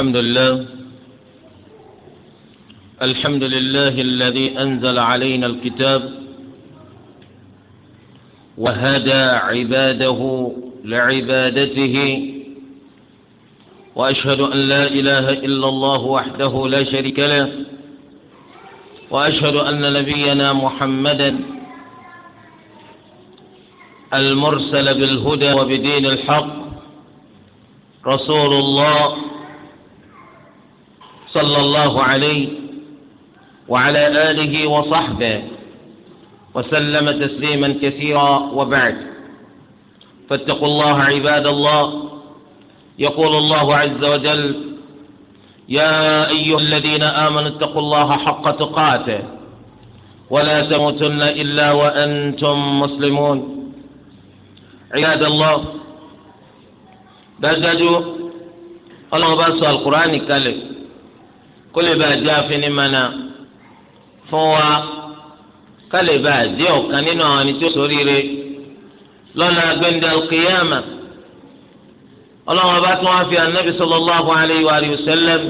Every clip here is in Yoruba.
الحمد لله الحمد لله الذي أنزل علينا الكتاب وهدى عباده لعبادته وأشهد أن لا إله إلا الله وحده لا شريك له وأشهد أن نبينا محمدا المرسل بالهدى وبدين الحق رسول الله صلى الله عليه وعلى آله وصحبه وسلم تسليما كثيرا وبعد فاتقوا الله عباد الله يقول الله عز وجل يا أيها الذين آمنوا اتقوا الله حق تقاته ولا تموتن إلا وأنتم مسلمون عباد الله بجدوا الله bá القرآن alukur'ani kó lè bá a jẹ́ na fún wa ká bá jẹ́ ọ̀kan nínú àwọn ẹni tó ṣoríire lọ́nà agbẹ́ndà kìyàmà ọlọ́wọ́n bá tún wá fi anabi sallallahu alayhi wa sallam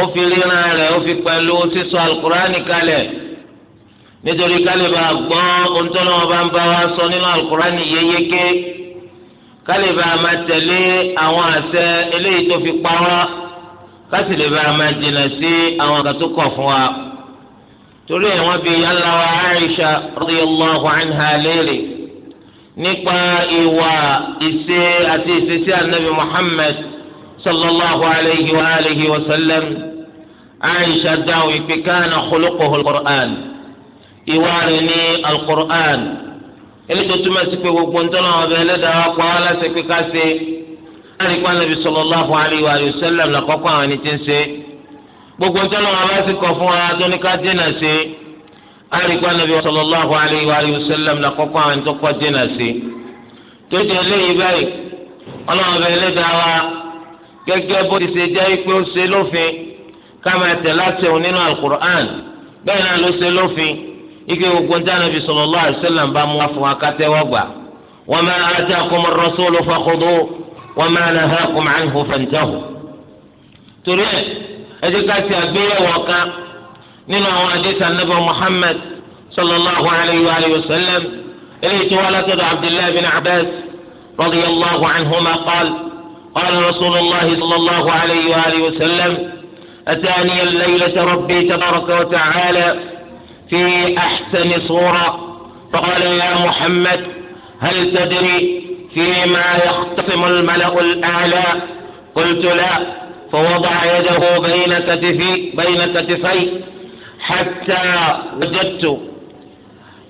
ó fi ríran rẹ ó fi pẹ̀lú sísọ alukur'ani kalẹ̀ nítorí bá gbọ́ sọ nínú alukur'ani yéyéké bá máa tẹ̀lé àwọn àṣẹ láti lè bá a máa jìnnà sí àwọn kan tó kọ̀ fún wa torí ẹ̀ wọ́n bi yàrá wa Aisha radiyallahu anha léèrè nípa ìwà ìṣe àti ìṣesí anabi Muhammad sallallahu alayhi wa alihi wa sallam Aisha dáhùn ìpè kánà khuluquhu ìwà rẹ̀ ní al-Qur'an tó túmọ̀ sí pé gbogbo ntọ́nà ọ̀bẹ ẹlẹ́dàá wa pa wá láti pé ká ṣe láàrin pa nàbí sallallahu alaihi wa sallam lọkọkọ àwọn ẹni tí ń ṣe gbogbo ntọ́nà wọn bá sì kọ fún wa tó ní ká dínà sí láàrin pa nàbí sallallahu alaihi wa sallam lọkọkọ àwọn ẹni tó kọ dínà sí tó ti eléyìí báyìí ọlọ́run bẹ ẹlẹ́dàá wa gẹ́gẹ́ bó ti ṣe jẹ́ pé ó ṣe lófin ká máa láti òun nínú alukur'an bẹ́ẹ̀ náà ló ṣe lófin ike gbogbo ntọ́nà nàbí sallallahu alaihi wa sallam bá mú wa fún wa وما نهاكم عنه فانتهوا تريد أجيكاتي أبيه وقع nínú àwọn àdéhùn anábọ muhammed sallallahu alayhi wa alayhi wa sallam eléyìí tí wọn látọdọ abdullahi رضي الله عنهما قال قال رسول الله صلى الله عليه وآله وسلم أتاني الليلة ربي تبارك وتعالى في أحسن صورة فقال يا محمد هل تدري فيما يختصم الملأ الأعلى قلت لا فوضع يده بين كتفي بين كتفي حتى وجدت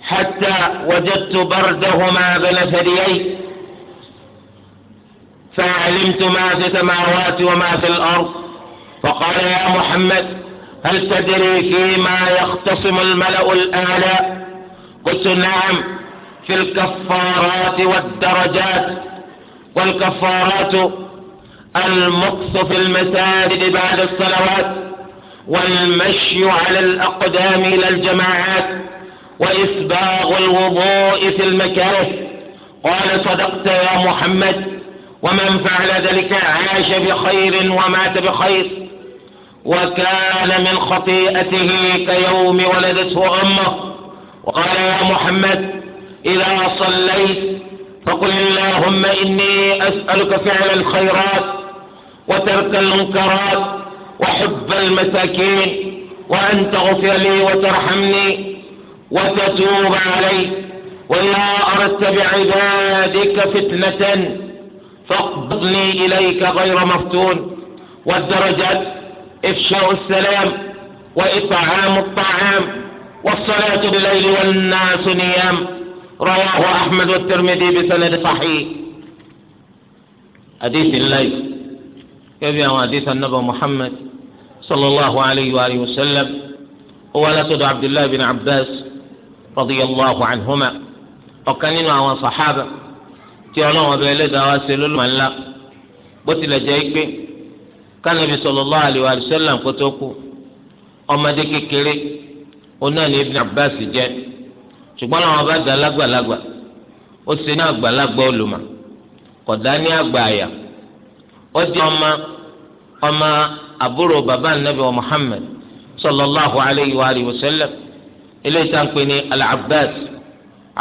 حتى وجدت بردهما بين ثديي فعلمت ما في السماوات وما في الأرض فقال يا محمد هل تدري فيما يختصم الملأ الأعلى قلت نعم في الكفارات والدرجات والكفارات المقص في المساجد بعد الصلوات والمشي على الأقدام إلى الجماعات وإسباغ الوضوء في المكاره قال صدقت يا محمد ومن فعل ذلك عاش بخير ومات بخير وكان من خطيئته كيوم ولدته أمه وقال يا محمد إذا صليت فقل اللهم إني أسألك فعل الخيرات وترك المنكرات وحب المساكين وأن تغفر لي وترحمني وتتوب علي وإذا أردت بعبادك فتنة فاقبضني إليك غير مفتون والدرجات إفشاء السلام وإطعام الطعام والصلاة بالليل والناس نيام رواه أحمد والترمذي بسند صحيح حديث الليل كيف حديث النبي محمد صلى الله عليه وآله وسلم هو لسد عبد الله بن عباس رضي الله عنهما وكان إنه صحابة tí ọlọ́run ọbẹ̀ ẹlẹ́dàá wá ṣe lólùmọ̀ ńlá bó الله عليه وآله وسلم sallallahu alaihi wa sallam kó tó kú ṣùgbọ́n àwọn bá dá lágbàlagbà ó ṣe ní àgbàlagbà olùmọ̀ kọ̀dá ní àgbà àyà ó di ọmọ ọmọ àbúrò bàbá anabi muhammed sallallahu alayhi wa alayhi wa sallam ilé ìtànkpé ní al-abbas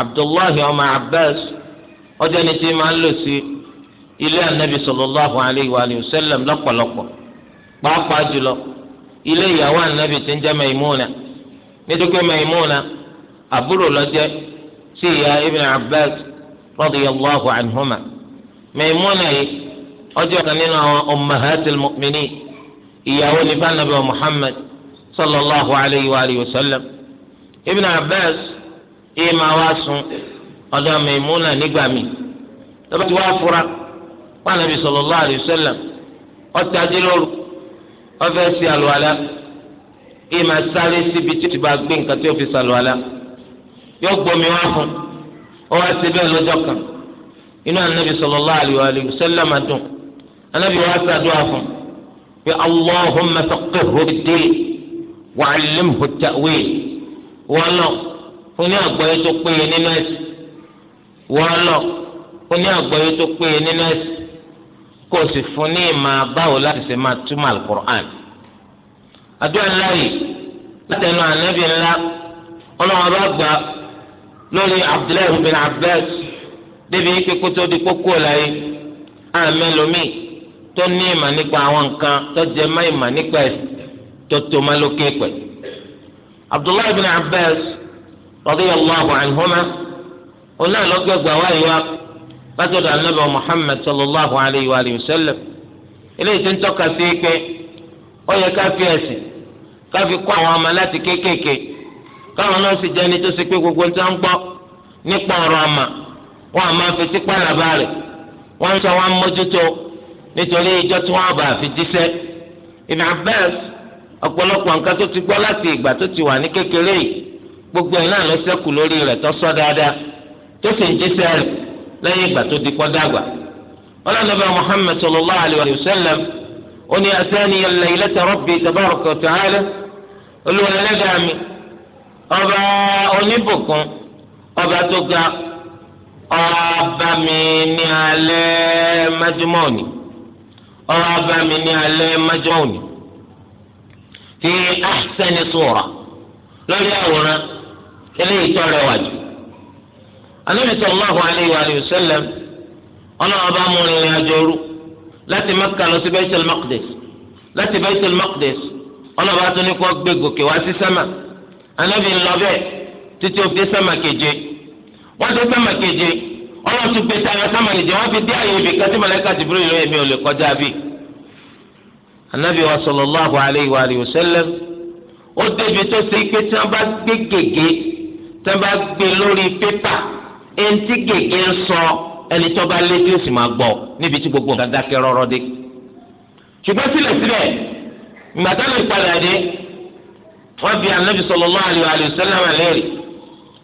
abdullahi ọmọ abbas ó jẹ́ ní tí ń lò sí anabi sallallahu alayhi wa alayhi wa sallam lọ́pọ̀lọpọ̀ pàápàá jùlọ ilé ìyàwó ń jẹ́ nítorí pé àbúrò lọ́jẹ́ sí ìyá ibn abbas radiyallahu anhuma Maimuna yìí ọjọ́ kan nínú àwọn ummahatil mu'minin ìyàwó ní bánabẹ muhammad sallallahu alayhi wa alihi wa sallam ibn abbas ìyẹn máa wá sùn ọ̀dọ̀ Maimuna nígbà mi lọ́ba tí wàá fura wọn nàbí sallallahu alayhi wa sallam ọ̀tajú lóru ọ̀fẹ́ sí àlùwalá ìyẹn máa sáré síbi tí bá gbé nǹkan tí ó fi sàlùwalá yóò gbomi wá fún ọ wá sí bẹ́ẹ̀ lọ́jọ́ kan inú anabi sallallahu alayhi wa alayhi wa sallam dùn anabi wá sàdúrà fún pé allahumma faqihhu fid-din wa 'allimhu at-ta'wil wọ́n lọ fún ní àgbọ́yé tó péye nínú ẹ̀sìn wọ́n lọ fún ní àgbọ́yé tó péye nínú ẹ̀sìn kó sì fún ní ìmọ̀ báwo láti ṣe máa túmọ̀ alukur'an àdúrà ńlá yìí látẹnu anabi ńlá ọlọ́wọ́n bá gbà lórí abdullahi bin abbas débi ike kótó di kókó láyé àmẹlòmí tó ní ìmọ̀ nípa àwọn nǹkan tó jẹ nípa tó tó má lókè abdullahi bin abbas radiyallahu anhuma onáà lọ́gbẹ̀gbà wáyé wa látọ̀dọ̀ anábẹ́ muhammad sallallahu alayhi wa sallam eléyìí tó ń tọ́ka sí pé ó yẹ àwọn báwọn náà sì jẹ́ ẹni tó ṣe pé gbogbo tí wọ́n ń gbọ́ nípa ọ̀rọ̀ àmà wọn àmọ́ fetí pàlàbà rẹ̀ wọ́n ń sọ wọn mójútó nítorí ìjọ tí wọ́n bá fi jíṣẹ́ Ibn Abbas ọ̀pọ̀lọpọ̀ nǹkan tó ti gbọ́ láti ìgbà tó ti wà ní kékeré yìí gbogbo ẹ̀ náà ló ṣẹ́kù lórí rẹ̀ tó sọ dáadáa tó sì ń jíṣẹ́ rẹ̀ lẹ́yìn ìgbà tó di pọ́ dàgbà ọlọ́nàbà sallallahu alayhi wa sallam ó ní ọba oníbùkún ọba tó ga ọba mi ní alẹ́ májúmọ́ òní ọba mi ní alẹ́ májúmọ́ òní fi ahsani sura lórí àwòrán eléyìí tó rẹwà jù anabi sallallahu alayhi wa sallam ọlọ́wọ́ bá mú ìrìn àjò òru láti Mẹ́kà lọ sí Baitul Maqdis láti Baitul Maqdis ọlọ́wọ́ bá ní kó gbé gòkè wá sí sẹ́mà anabi ńlọ bẹ́ẹ̀ títí òfin sẹ́mà keje wọ́n ti sẹ́mà keje ọlọ́run ti gbé sáyà sẹ́mà keje wọ́n fi dé àyè ibì kan tí mọ̀lẹ́kà Jibril lóye mi ò lè kọjá bí. anabi wa sallallahu alayhi wa alihi wa sallam ó débi tó ṣe pé tí wọ́n bá gbé gègé tí wọ́n bá gbé lórí pépà ẹni tí gègé ń sọ ẹni tó bá létí ó sì máa gbọ́ níbi tí gbogbo nǹkan dákẹ́ rọ́rọ́ dé. ṣùgbọ́n sílẹ̀sílẹ̀ ìgbà tó lè padà dé wọ́n bi anabi sallallahu alayhi wa sallam léèrè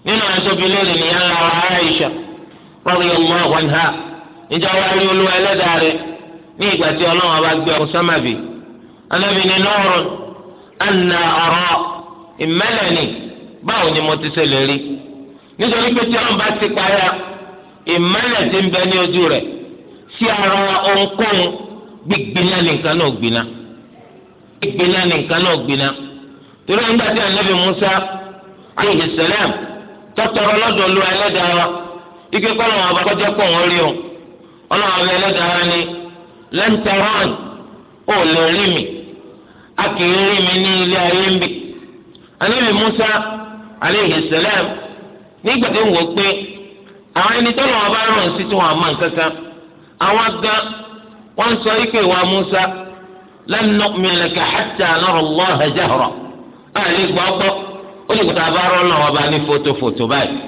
nínú àwọn tóbi léèrè ní yàrá wa Aisha radiyallahu anha níjà wà ní olú ẹlẹ́dàá rẹ̀ ní ìgbà tí ọlọ́run bá gbé ọkùn sámàbì anabi ní nọ́ọ̀rùn anna ọ̀rọ̀ ìmẹ́lẹ̀ ni báwo ni mo ti ṣe lè rí nítorí pé tí wọ́n bá ti parẹ́ ìmẹ́lẹ̀ ti ń bẹ ní ojú rẹ̀ sí ara ohunkóhun gbígbiná ní nǹkan náà gbiná. torí ẹ̀ ń gbà tí anabi musa alayhi salam tọ́tọ̀rọ lọ́dọ̀ lu ẹlẹ́dàá wa ike kọ́lọ̀ wọn abakọ́jẹ́ pọ̀ wọ́n rí o ọlọ́wọ́n abẹ ẹlẹ́dàá wa ni lẹ́ńtẹ̀rán ò lè rí mi a kì í rí mi ní ilé ayé ń bì anabi musa alayhi salam nígbà tó ń pé àwọn ẹni tọ́lọ̀ wọn bá rán sí tí wọn àmọ́ nǹkan àwọn gan wọn sọ ike wa musa lan nu'mina laka hatta nara Allah jahra àlè gbọ́ gbọ́ ó lè gbọ́dọ̀ abárọ́ náà wọ́n bá ní fotofoto báyìí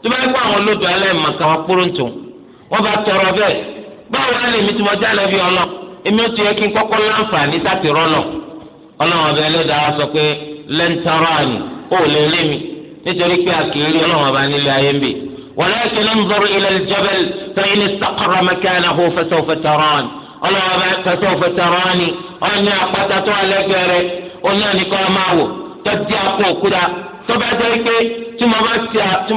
tó bá gbọ́ àwọn olódò alẹ́mọ̀ kan wọ́n kúrò tó wọ́n bá tọrọ bẹ́ẹ̀ báwo á lè mi tí mo já lẹ́bi ọ̀nà èmi ó ti yẹ kí n kọ́kọ́ láǹfààní láti rọ́nà ọlọ́wọ́n bẹ́ẹ̀ lẹ́dàá sọ pé lẹ́ńtàrọ́ọ̀nì ó lè lé mi nítorí pé àkèérí ọlọ́wọ́n bá nílé ayé ń bì ولكن انظر إلى الجبل فإن استقر مكانه فسوف تراني ọlọ́wọ́n bá فسوف تراني ọ̀nà àpáta tó òun náà nìkan a máa wò tọ́jú akó òkúta tó bá jẹ́ pé tí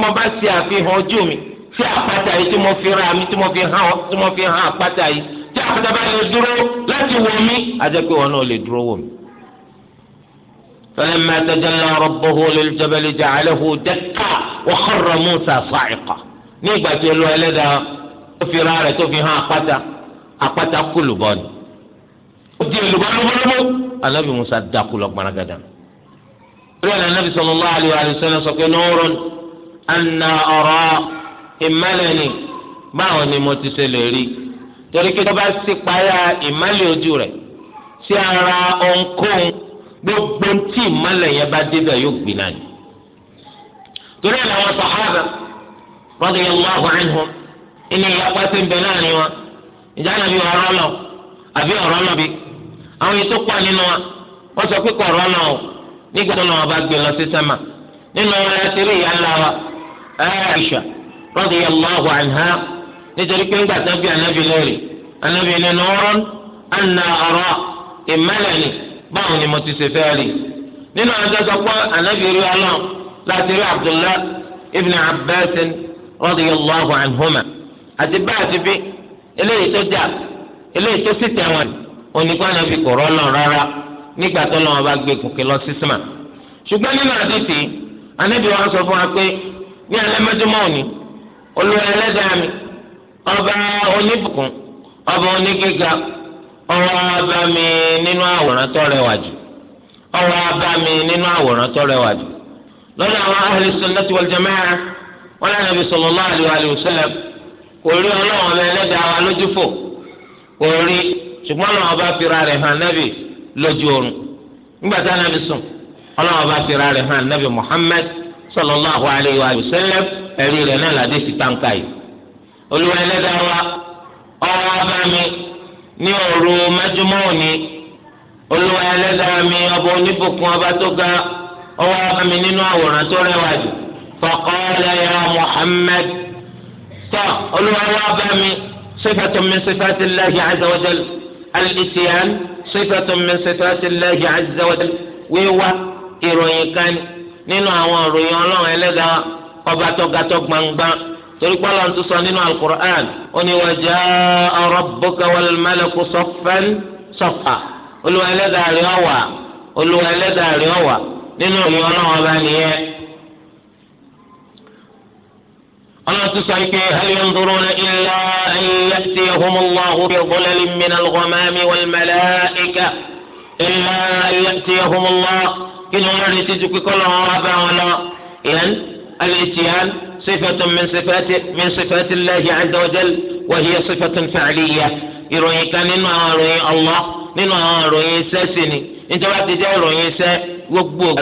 mo bá ṣe àfihàn ojú mi sí àpáta yìí tí mo fi ra mi tí mo fi hàn tí mo fi hàn àpáta yìí tí àpáta bá lè dúró láti wò mí a pé wọn náà lè dúró wò mí. فلما تجلى ربه للجبل جعله دكا وخر موسى صاعقا nígbà tí olú ẹlẹ́dàá tó fi ra كل tó fi hàn àpáta anabi musa dákú lọ gbanagada rí ọ̀nà anabi sallallahu alaihi wa sallam sọ pé nurun anna ara ìmálẹ̀ ni báwo ni mo ti ṣe lè rí torí kí tọ́ba sì payá ìmálẹ̀ ojú rẹ̀ sí ara ohunkóhun gbogbo tí ìmálẹ̀ yẹn bá débẹ̀ yóò gbin náà ni torí ẹ̀ làwọn sàhábà radiyallahu anhum ìní ìyá pàṣẹ ń bẹ láàrin wọn ìjà nàbí ọ̀rọ̀ lọ àbí ọ̀rọ̀ lọ bíi àwọn yìí tó pọ̀ nínú wa wọ́n sọ pé kọ̀ọ̀rọ̀ náà o nígbà tó náà bá gbé lọ sí sẹ́mà nínú wọn la ti rí ìyá ńlá wa Aisha radiyallahu anha nítorí pé ńgbà tó bí anábì lórí anábì nínú ọ̀rọ̀ anna ọ̀rọ̀ ìmẹ́lẹ̀ báwo ni mo ti ṣe fẹ́ rí nínú àwọn sọ pé anábì rí ọlọ́ọ̀ láti rí Abdullah ibn Abbas radiyallahu anhuma àti bá àti bí eléyìí tó dà eléyìí tó sì tẹ̀wọ̀n ni. onígbà náà fi kọ̀rọ̀ náà rárá nígbà tó lọ́wọ́ bá gbé gòkè lọ sí sàmà ṣùgbọ́n nínú àdìsí anábì wa sọ fún wa pé ní alẹ́ òní ẹlẹ́dàá mi ọba oníbùkún ọba onígíga ọwọ́ abá mi nínú àwòrán tó rẹwà jù ọwọ́ abá mi nínú àwòrán tó rẹwà jù lọ́dọ̀ àwọn wọn lẹ́nu ibi sallallahu alaihi wa kò ṣùgbọ́n ọlọ́run ọba fira rẹ̀ hàn nábì lójú oorun nígbà tá nábì sùn ọlọ́run ọba fira rẹ̀ hàn nábì Muhammad sallallahu alayhi wa sallam ẹ̀rí rẹ̀ náà ládé sí táǹkà yìí olúwa ẹlẹ́dàá wa ọwọ́ mi ní òru mẹ́júmọ́ òní olúwa ẹlẹ́dàá mi ọba oníbùkún ọba tó ga ọwọ́ bá mi nínú àwòrán tó rẹwà jù faqala ya Muhammad tó olúwa wá mi sifatu min sifati Allahi azza wa jalla alìsíyàn sífẹ̀tún min sífẹ̀tì Allahi azza wa jalla wíwá ìròyìn kan nínú àwọn ìròyìn ọlọ́run ẹlẹ́dàá ọba tọ́gatọ́ gbangba torí pálọ̀ ń tún sọ nínú alukur'an ó ní wa jaa rabbuka wal malaku saffan saffa olùwà ẹlẹ́dàá rí ọ̀wà olùwà ẹlẹ́dàá rí ọ̀wà nínú ìròyìn ọlọ́run ọba nìyẹn. الله تسألك هل ينظرون إلا أن يأتيهم الله في من الغمام والملائكة إلا أن يأتيهم الله كل مرة تجوك كل عرفة ولا إذن الإتيان صفة من صفات من صفات الله عز وجل وهي صفة فعلية يرويك ننوى روي الله ننوى روي ساسني انت بعد جاء روي ساس وقبوك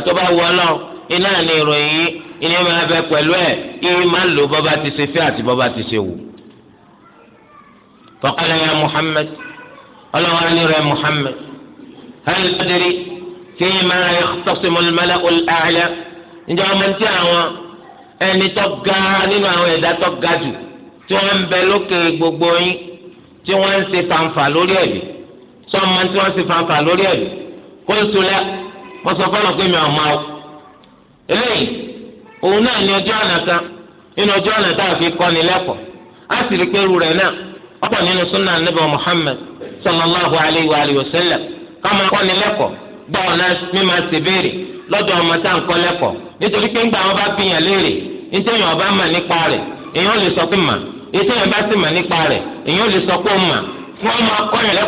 إنا نروي ìní máa bẹ pẹ̀lú ẹ̀ ìní máa lò bọ́ba ti ṣe fẹ́ àti bọ́ba ti ṣe wù. faqala ya Muhammad ọlọ́wọ́ ẹni rẹ̀ Muhammad hal tadri fima yakhtasimu al-mala'u al-a'la ǹjẹ́ ọmọ tí àwọn ẹni tó ga nínú àwọn ẹ̀dá tó ga jù tí wọ́n ń bẹ lókè gbogbo yín tí wọ́n ń ṣe fanfa lórí ẹ̀bì sọ́mọ tí wọ́n ń ṣe fanfa lórí ẹ̀bì kó ń sulẹ̀ pé mi ò máa eléyìí òun náà ní ọjọ́ ọ̀nà nínú ọjọ́ a fi kọ́ni lẹ́kọ̀ọ́ á sì rí pé irú rẹ̀ náà ọ̀pọ̀ nínú súnà níbà sallallahu alayhi wa alihi wa sallam káma kọ́ni lẹ́kọ̀ọ́ báwọn náà mímọ ṣe béèrè lọ́dọ̀ ọmọ tá à ń kọ́ lẹ́kọ̀ọ́ nítorí pé ńgbà wọn bá léèrè nítorí mà nípa rẹ̀ èèyàn lè sọ pé mà ètò sì mà nípa rẹ̀ èèyàn lè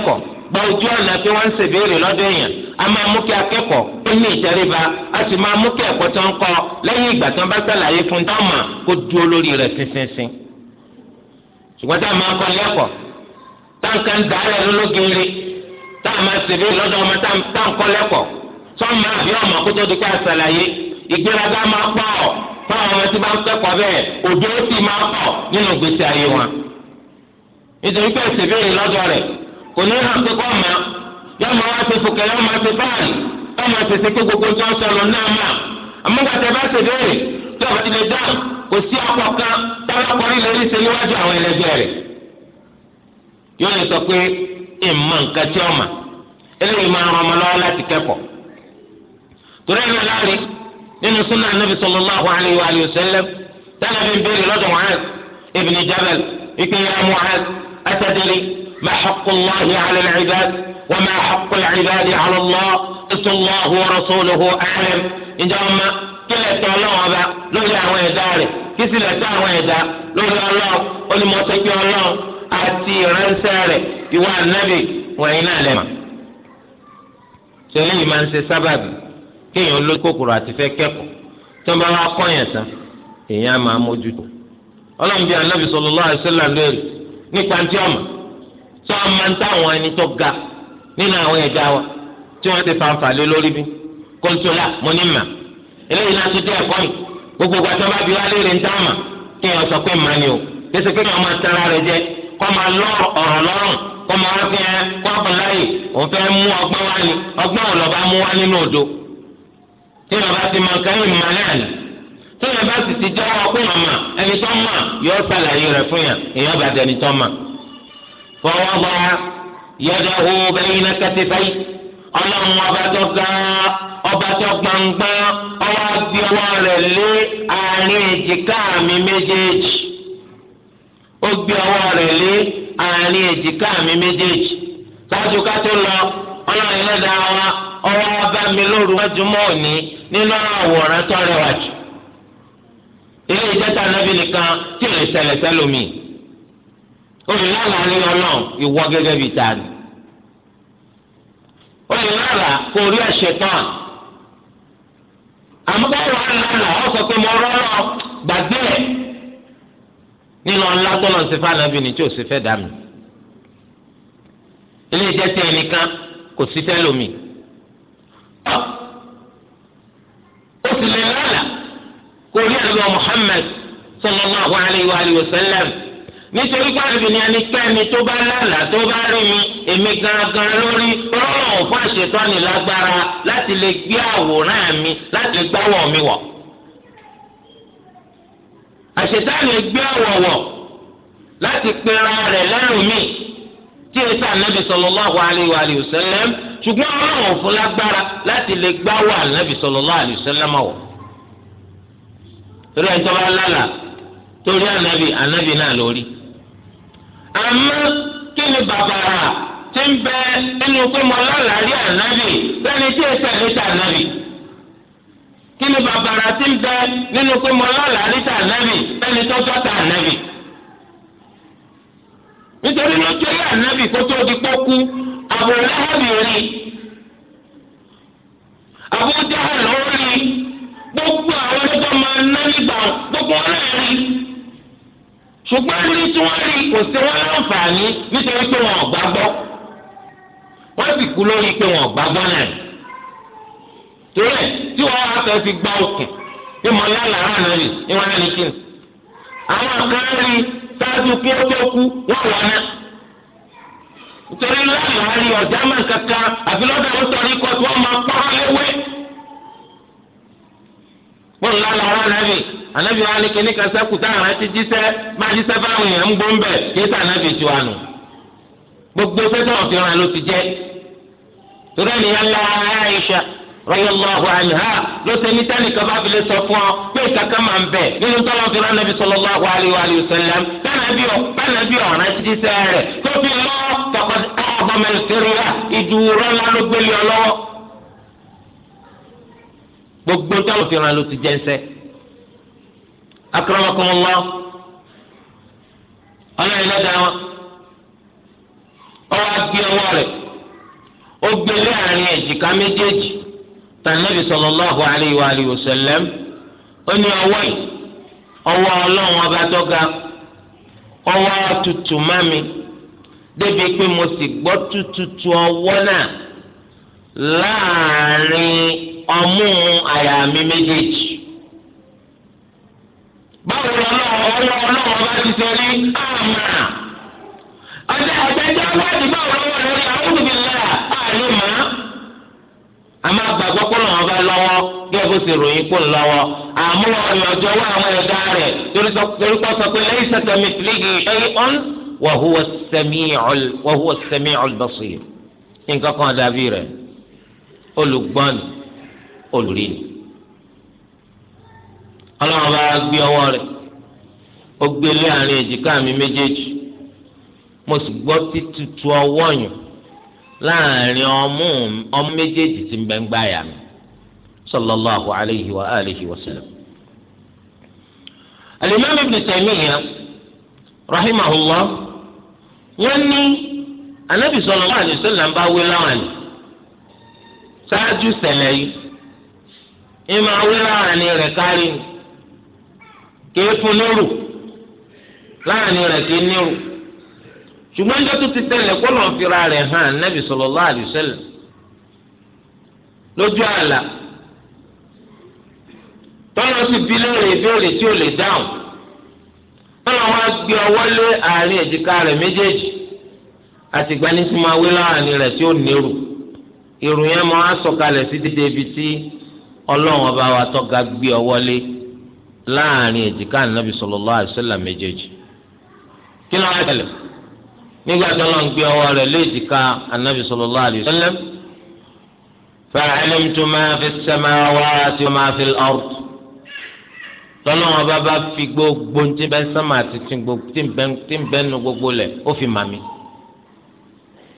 gba ojú ọ̀nà tí wọ́n ń ṣèbéèrè lọ́dọ̀ èèyàn a máa mú kí akẹ́kọ̀ọ́ ó ní ìtẹríba a sì máa mú kí ẹ̀kọ́ tó ń kọ́ lẹ́yìn ìgbà tó ń bá sàlàyé fún dáhùn kó dúró lórí rẹ̀ sínsínsín. ṣùgbọ́n tá a máa kọ́ lẹ́kọ̀ọ́ táǹkà ń dàárẹ̀ lólógiri tá a máa ṣèbéèrè lọ́dọ̀ ọmọ táǹkọ́ lẹ́kọ̀ọ́ sọ́ọ̀mù àbí ọmọ kó tó di ká sàlàyé ìgbéraga máa pọ̀ fáwọn ọmọ tí bá ń kẹ́kọ̀ọ́ kò ní hàn pé kọ́ ọ̀ma yóò máa wá sí fòkè yóò máa sí báyìí yóò máa sì sí pé gbogbo tí wọ́n sọ lọ náà mà amúgbàtà bá ti béèrè tí ọ̀bà ti lè dáhùn kò sí ọkọ̀ kan tálákọ̀ọ́rí lè rí ṣe níwájú àwọn ẹlẹgbẹ́ rẹ̀ yóò lè sọ pé ìmọ̀ nǹkan tí ọ̀ma eléyìí máa ràn ọmọ lọ́wọ́ láti kẹ́kọ̀ọ́ torí ẹ̀rọ láàrin nínú súnà anábì sallallahu alayhi wa sallam tẹ́lẹ̀ fi ń béèrè lọ́dọ̀ Mu'adh ibn Jabal ìpínyà ما حق الله على العباد وما حق العباد على الله إذ الله ورسوله أعلم إن جاء ما كلا تعلم هذا لولا ويداري كسلا تعلم ويدا لولا الله ولموتك الله أتي رنسالي يوى النبي وإن ألم سليم من سبب كي يقول كوكورا تفكك ثم لا قوي èèyàn máa mójútó ọlọ́run bíi anabi sallallahu alaihi wasallam lórí nípa tó a máa ń táwọn ẹni tó ga nínú àwọn ẹ̀dá wa tí wọ́n ti fanfà lé lórí bí kóńtólà mo ní mà eléyìí náà tún jẹ́ ẹ̀kọ́ mi gbogbo ìgbà tó bá bí wá léèrè ń tá àmà kí wọ́n sọ pé màá ni o kése pé wọ́n máa tẹ́ra rẹ jẹ kọ́ máa lọ ọ̀rọ̀ lọ́rùn kọ́ máa wá fún ẹ kọ́ ọ̀pọ̀ láyè òun fẹ́ mú ọgbọ́n wá ni ọgbọ́n ò lọ́ba mú wá nínú òdo tí wọ́n bá ti mọ kẹ́yìn mọ́ náà tí wọ́n bá sì ti jẹ́wọ́ pé màmá ẹni tó mọ̀ yóò ṣàlàyé rẹ̀ fún yàn èèyàn bá dẹni tó mọ̀ فوضع يده بين كتفيه ọlọ́run ọba tó ga ọba tó gbangba ọwọ́ àti ọwọ́ rẹ̀ lé àárín èjìká mi méjèèjì ó gbé ọwọ́ rẹ̀ lé tó lọ ọlọ́run ẹlẹ́dàá ọwọ́ ọba mi lóru nínú àwòrán tó rẹwà jù ilé ìjẹta nàbì nìkan tí ò lè ṣẹlẹ̀ olùlànà rí ọlọ́run ìwọ gẹ́gẹ́ bíi tani olùlànà kò rí ẹ̀ṣẹ̀ tán àmúgbáwò àlànà ó sọ pé mo rọ́rọ́ gbàgbé ẹ̀ nínú ọ̀la tó lọ sí fànàbí ni tí ò sí fẹ́ dà mí ilé iṣẹ́ tí ẹnìkan kò sí fẹ́ lómi ó sì lè lọ́la kò rí ẹ̀rọ Muhammad sallallahu alayhi wa sallam nítorí pàṣẹ ni ẹnikẹ́ni tó bá lálàá tó bá rí mi èmi gangan lórí rọrùn fún àṣetọ́ni lágbára láti lè gbé àwòrán mi láti lè gbáwọ̀ mi wọ̀. àṣetọ́ni gbé àwọ̀wọ̀ láti pera rẹ̀ lẹ́rù mi tí èsì ànábì sallallahu alayhi wa sallam ṣùgbọ́n rọrùn fún lágbára láti lè gbáwọ̀ ànábì sallallahu alayhi wa sallam wọ̀. torí ẹjọ́ bá lálàá torí ànábì ànábì náà lórí. àmọ́ kí ni bàbàrà ti ń bẹ nínú pé mo lálàárí ànábì lẹ́ni tí èsì àlejò ànábì kí ni bàbàrà ti ń bẹ nínú pé mo ànábì lẹ́ni tó ànábì nítorí ló ànábì kó tó di pọ́kú Abu Lahab rí Abu Jahal rí gbogbo àwọn ọlọ́jọ́ máa ná nígbà gbogbo ṣùgbọ́n rí tí wọ́n rí kò sí wọn láǹfààní nítorí pé wọn ò gbàgbọ́ wọ́n sì kú lórí pé wọn ò gbàgbọ́ náà torí ẹ̀ tí wọ́n wá fẹ́ fi gbá òkè bí mo lálẹ́ àárọ̀ náà rí ni wọ́n á ní kí ni àwọn kan rí sáájú kí ó tó kú wọ́n wà náà nítorí lánàá rí ọ̀já máa kankan àfi lọ́dọ̀ ó tọ́rí kọ́ tí wọ́n máa pọ́n léwé wọ́n lálẹ́ àárọ̀ náà anabi wa ni kíní kan sẹ́kù táwọn àti jíṣẹ́ máa jíṣẹ́ báwọn èèyàn ń gbọ́n bẹ̀ kí anabi ti wà nù gbogbo ló ti torí lọ ló ṣe ọ pé ìkàkà máa ń bẹ̀ nínú tọ́lọ́ fi rán anabi sallallahu alayhi wa sallam bánàbí ọ̀ràn ti jíṣẹ́ rẹ̀ tó fi lọ ìdúró ńlá ló gbélé ọ gbogbo tọ́lọ́ fi ló ti akramakumullah ọlọ́run lọ́dà wọn ọwọ́ agbé ọwọ́ rẹ̀ ó gbé láàrin èjìká méjèèjì tànàbì sallallahu alayhi wa alihi wa sallam ó ní ọwọ́ yìí ọwọ́ ọlọ́run ọba tó ga ọwọ́ tutù má débi pé mo sì gbọ́ tututu ọwọ́ náà láàrin ọmú àyà mi méjèèjì báwo ni ọlọ́wọ́ ọlọ́wọ́ ọlọ́wọ́ bá ti sọ rí àmà ọjọ́ àgbẹ̀jọ́ wájú báwo lọ́wọ́ lórí àwùjọbílà àlè mà á. àmọ́ àgbàgbọ́ pọ̀ lọ́wọ́ bá lọ́wọ́ gẹ́gẹ́ bó ṣe ròyìn pọ̀ lọ́wọ́ àmúlò ọ̀nà ọjọ́ wá àwọn ẹ̀dá rẹ̀ torí kọ́ sọ pé lẹ́yìn sẹ́tẹ̀mí tìlígì ṣẹ́yìn ọ̀n wàhúwọ̀ sẹ́mi ọ̀lbọ̀sì nǹkan kan dàbí rẹ̀ olùgbọ́n olùrí ọlọ́run bá gbé ọwọ́ rẹ̀ ó gbé lé àárín èjìká mi méjèèjì mo sì gbọ́ títútù ọwọ́ yàn láàrin ọmú méjèèjì tí ń ń gbá yà mí sallallahu alayhi wa alihi wa sallam. al ibn rahimahullah wọ́n ní anabi bá láwọn ni ṣáájú yìí ìmọ̀ kìí fún nírù láàrin rẹ̀ kìí nírù ṣùgbọ́n ẹjọ́ tó ti tẹ̀lé kọ́lọ̀ ń fira rẹ̀ hàn nẹ́bí sallallahu alaihi wasallam lójú àlà tọ́lọ́ sì bí lóore ìbéèrè tí ò lè dáhùn tọ́lọ́ wá gbé ọwọ́ lé àárín èjìká rẹ̀ méjèèjì àtìgbà ní láàrin rẹ̀ tí ó nírù ìrù yẹn máa sọ̀kalẹ̀ sí dídé ibi tí ọlọ́run ọba wa tọ́ga gbé ọwọ́ lé láàrin èjìká ànábì sallallahu alaihi wasallam méjèèjì kí ló wá tẹ̀lé nígbà tí wọ́n gbé ọwọ́ rẹ̀ lé èjìká ànábì sallallahu alaihi wasallam fa'alimtu ma fi as-samawati wa ma fi al-ard tọ́lá wọn bá bá fi gbogbo tí bẹ́ẹ̀ sánmà àti tí bẹ́ẹ̀ nu gbogbo lẹ̀ ó fi mà mí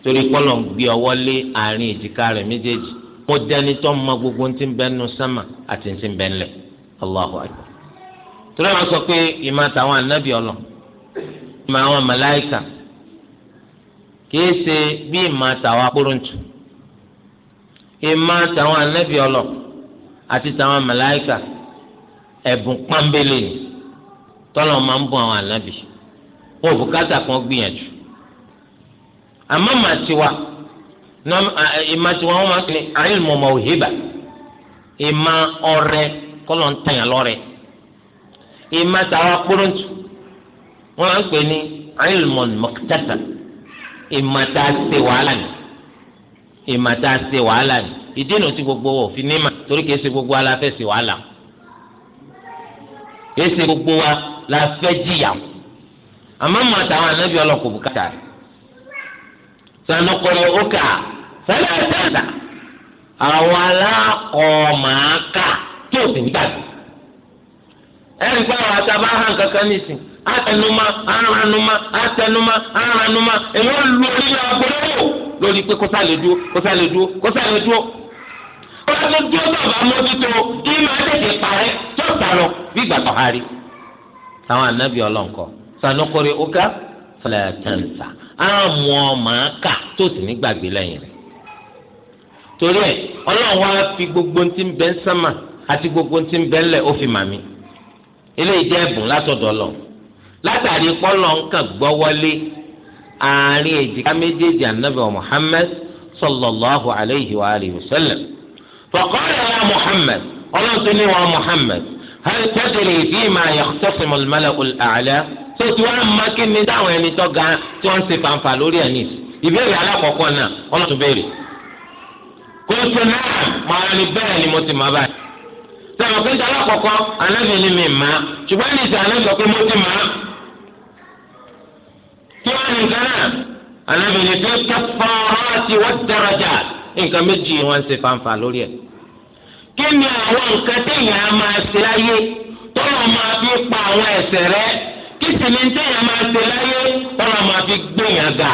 torí kọ́lọ̀ ń gbé ọwọ́ lé àárín èjìká rẹ̀ méjèèjì mo dẹni tó mọ gbogbo tí bẹ́ẹ̀ nu sánmà àti tí bẹ́ẹ̀ torí àwọn sọ pé ìmọ̀ àtàwọn ànábì ọlọ ìmọ̀ àwọn màláìkà kìí ṣe bí ìmọ̀ àtàwọn akpọ̀rọ̀ǹtù ìmọ̀ àtàwọn ànábì ọlọ àti tàwọn màláìkà ẹ̀bùn pọ́nbélé tọ́lọ̀ máa ń bọ̀ àwọn ànábì wọn ò bùkátà kan gbìyànjú àmọ́ màtiwa ìmàtiwa wọn máa ń pè ní àìlùmọ̀mọ̀ òhìbà ìmọ̀ ọrẹ kọ́lọ̀ ń tàn yàn lọ́rẹ̀ẹ́ ìmọ̀ tàwa kúròǹtù wọn á ń pè ní ilmon mọ̀kítàtà ìmọ̀ tá a ṣe wàhálà ni ìmọ̀ tá a ṣe wàhálà ni ìdí nu ti gbogbo wọ̀ fi nímà torí kìí ṣe gbogbo wa la fẹ́ ṣe wàhálà kìí ṣe gbogbo wa la fẹ́ jìyà àmọ́ mọ̀ tàwa anábì ọlọ́kọ̀ bùkátà rẹ̀ sanukọ̀rọ̀ ọkà sẹ́lẹ̀ sẹ́lẹ̀ àwọn alákọ̀ọ́ màá kà o sì ń gbàgbé ẹ̀rí pé àwọn àtàbà hàn kankan nìsín àtẹnumá aranumá àtẹnumá aranumá èmi ò lu orí agbóró lórí pé kó sálẹ̀ dúró kó sálẹ̀ dúró kó sálẹ̀ dúró. ó lọ sí dúró bàbá mójútó kí máa tètè parẹ́ tó sàrọ̀ bí ìgbà tọ̀hárí. táwọn anábì ọlọ́nkọ sanukori oka fúlẹ̀tẹ̀ǹsà àmọ́ màá kà tó sì ní gbàgbé lẹ́yìn rẹ̀. torí ẹ ọlọ́run wá fi gbogbo ti ń sánmà àti gbogbo ti ń bẹ́ ó fi màmí eléyìí jẹ́ ẹ̀bùn látọ̀dọ̀ lọ látàrí pọ́lọ̀ nǹkan gbọ́ wọlé àárín èjìká méjèèjì ànábì Muhammad sallallahu alayhi wa alihi wa sallam faqala ya Muhammad ọlọ́sìn ni wọn Muhammad hal tadri fima yakhtasimu al-mala'u al-a'la tó ti wá má kí ni dáhùn ẹni tó ga tí wọ́n ń fanfa lórí ẹ̀ ìbéèrè alákọ̀ọ́kọ́ náà ọlọ́sìn béèrè kó o ṣe náà màá ní bẹ́ẹ̀ ni mo ti má báyìí àwọn péjọ alákọ̀ọ́kọ́ anábì ni mi mà ṣùgbọ́n ní ìsìn anábì sọ pé mo ti mà á. kí wọ́n ní nǹkan náà anábì ni tó tó fọ́ọ́rọ́ ti wọ́n daraja nǹkan méjì wọn ṣe fanfa lórí ẹ̀. kí ni àwọn nǹkan téèyàn máa ṣe láyé tọ́lọ̀ máa fi pa àwọn ẹ̀ṣẹ̀ rẹ̀ kí sì ni téèyàn máa ṣe láyé tọ́lọ̀ máa fi gbéyàn ga.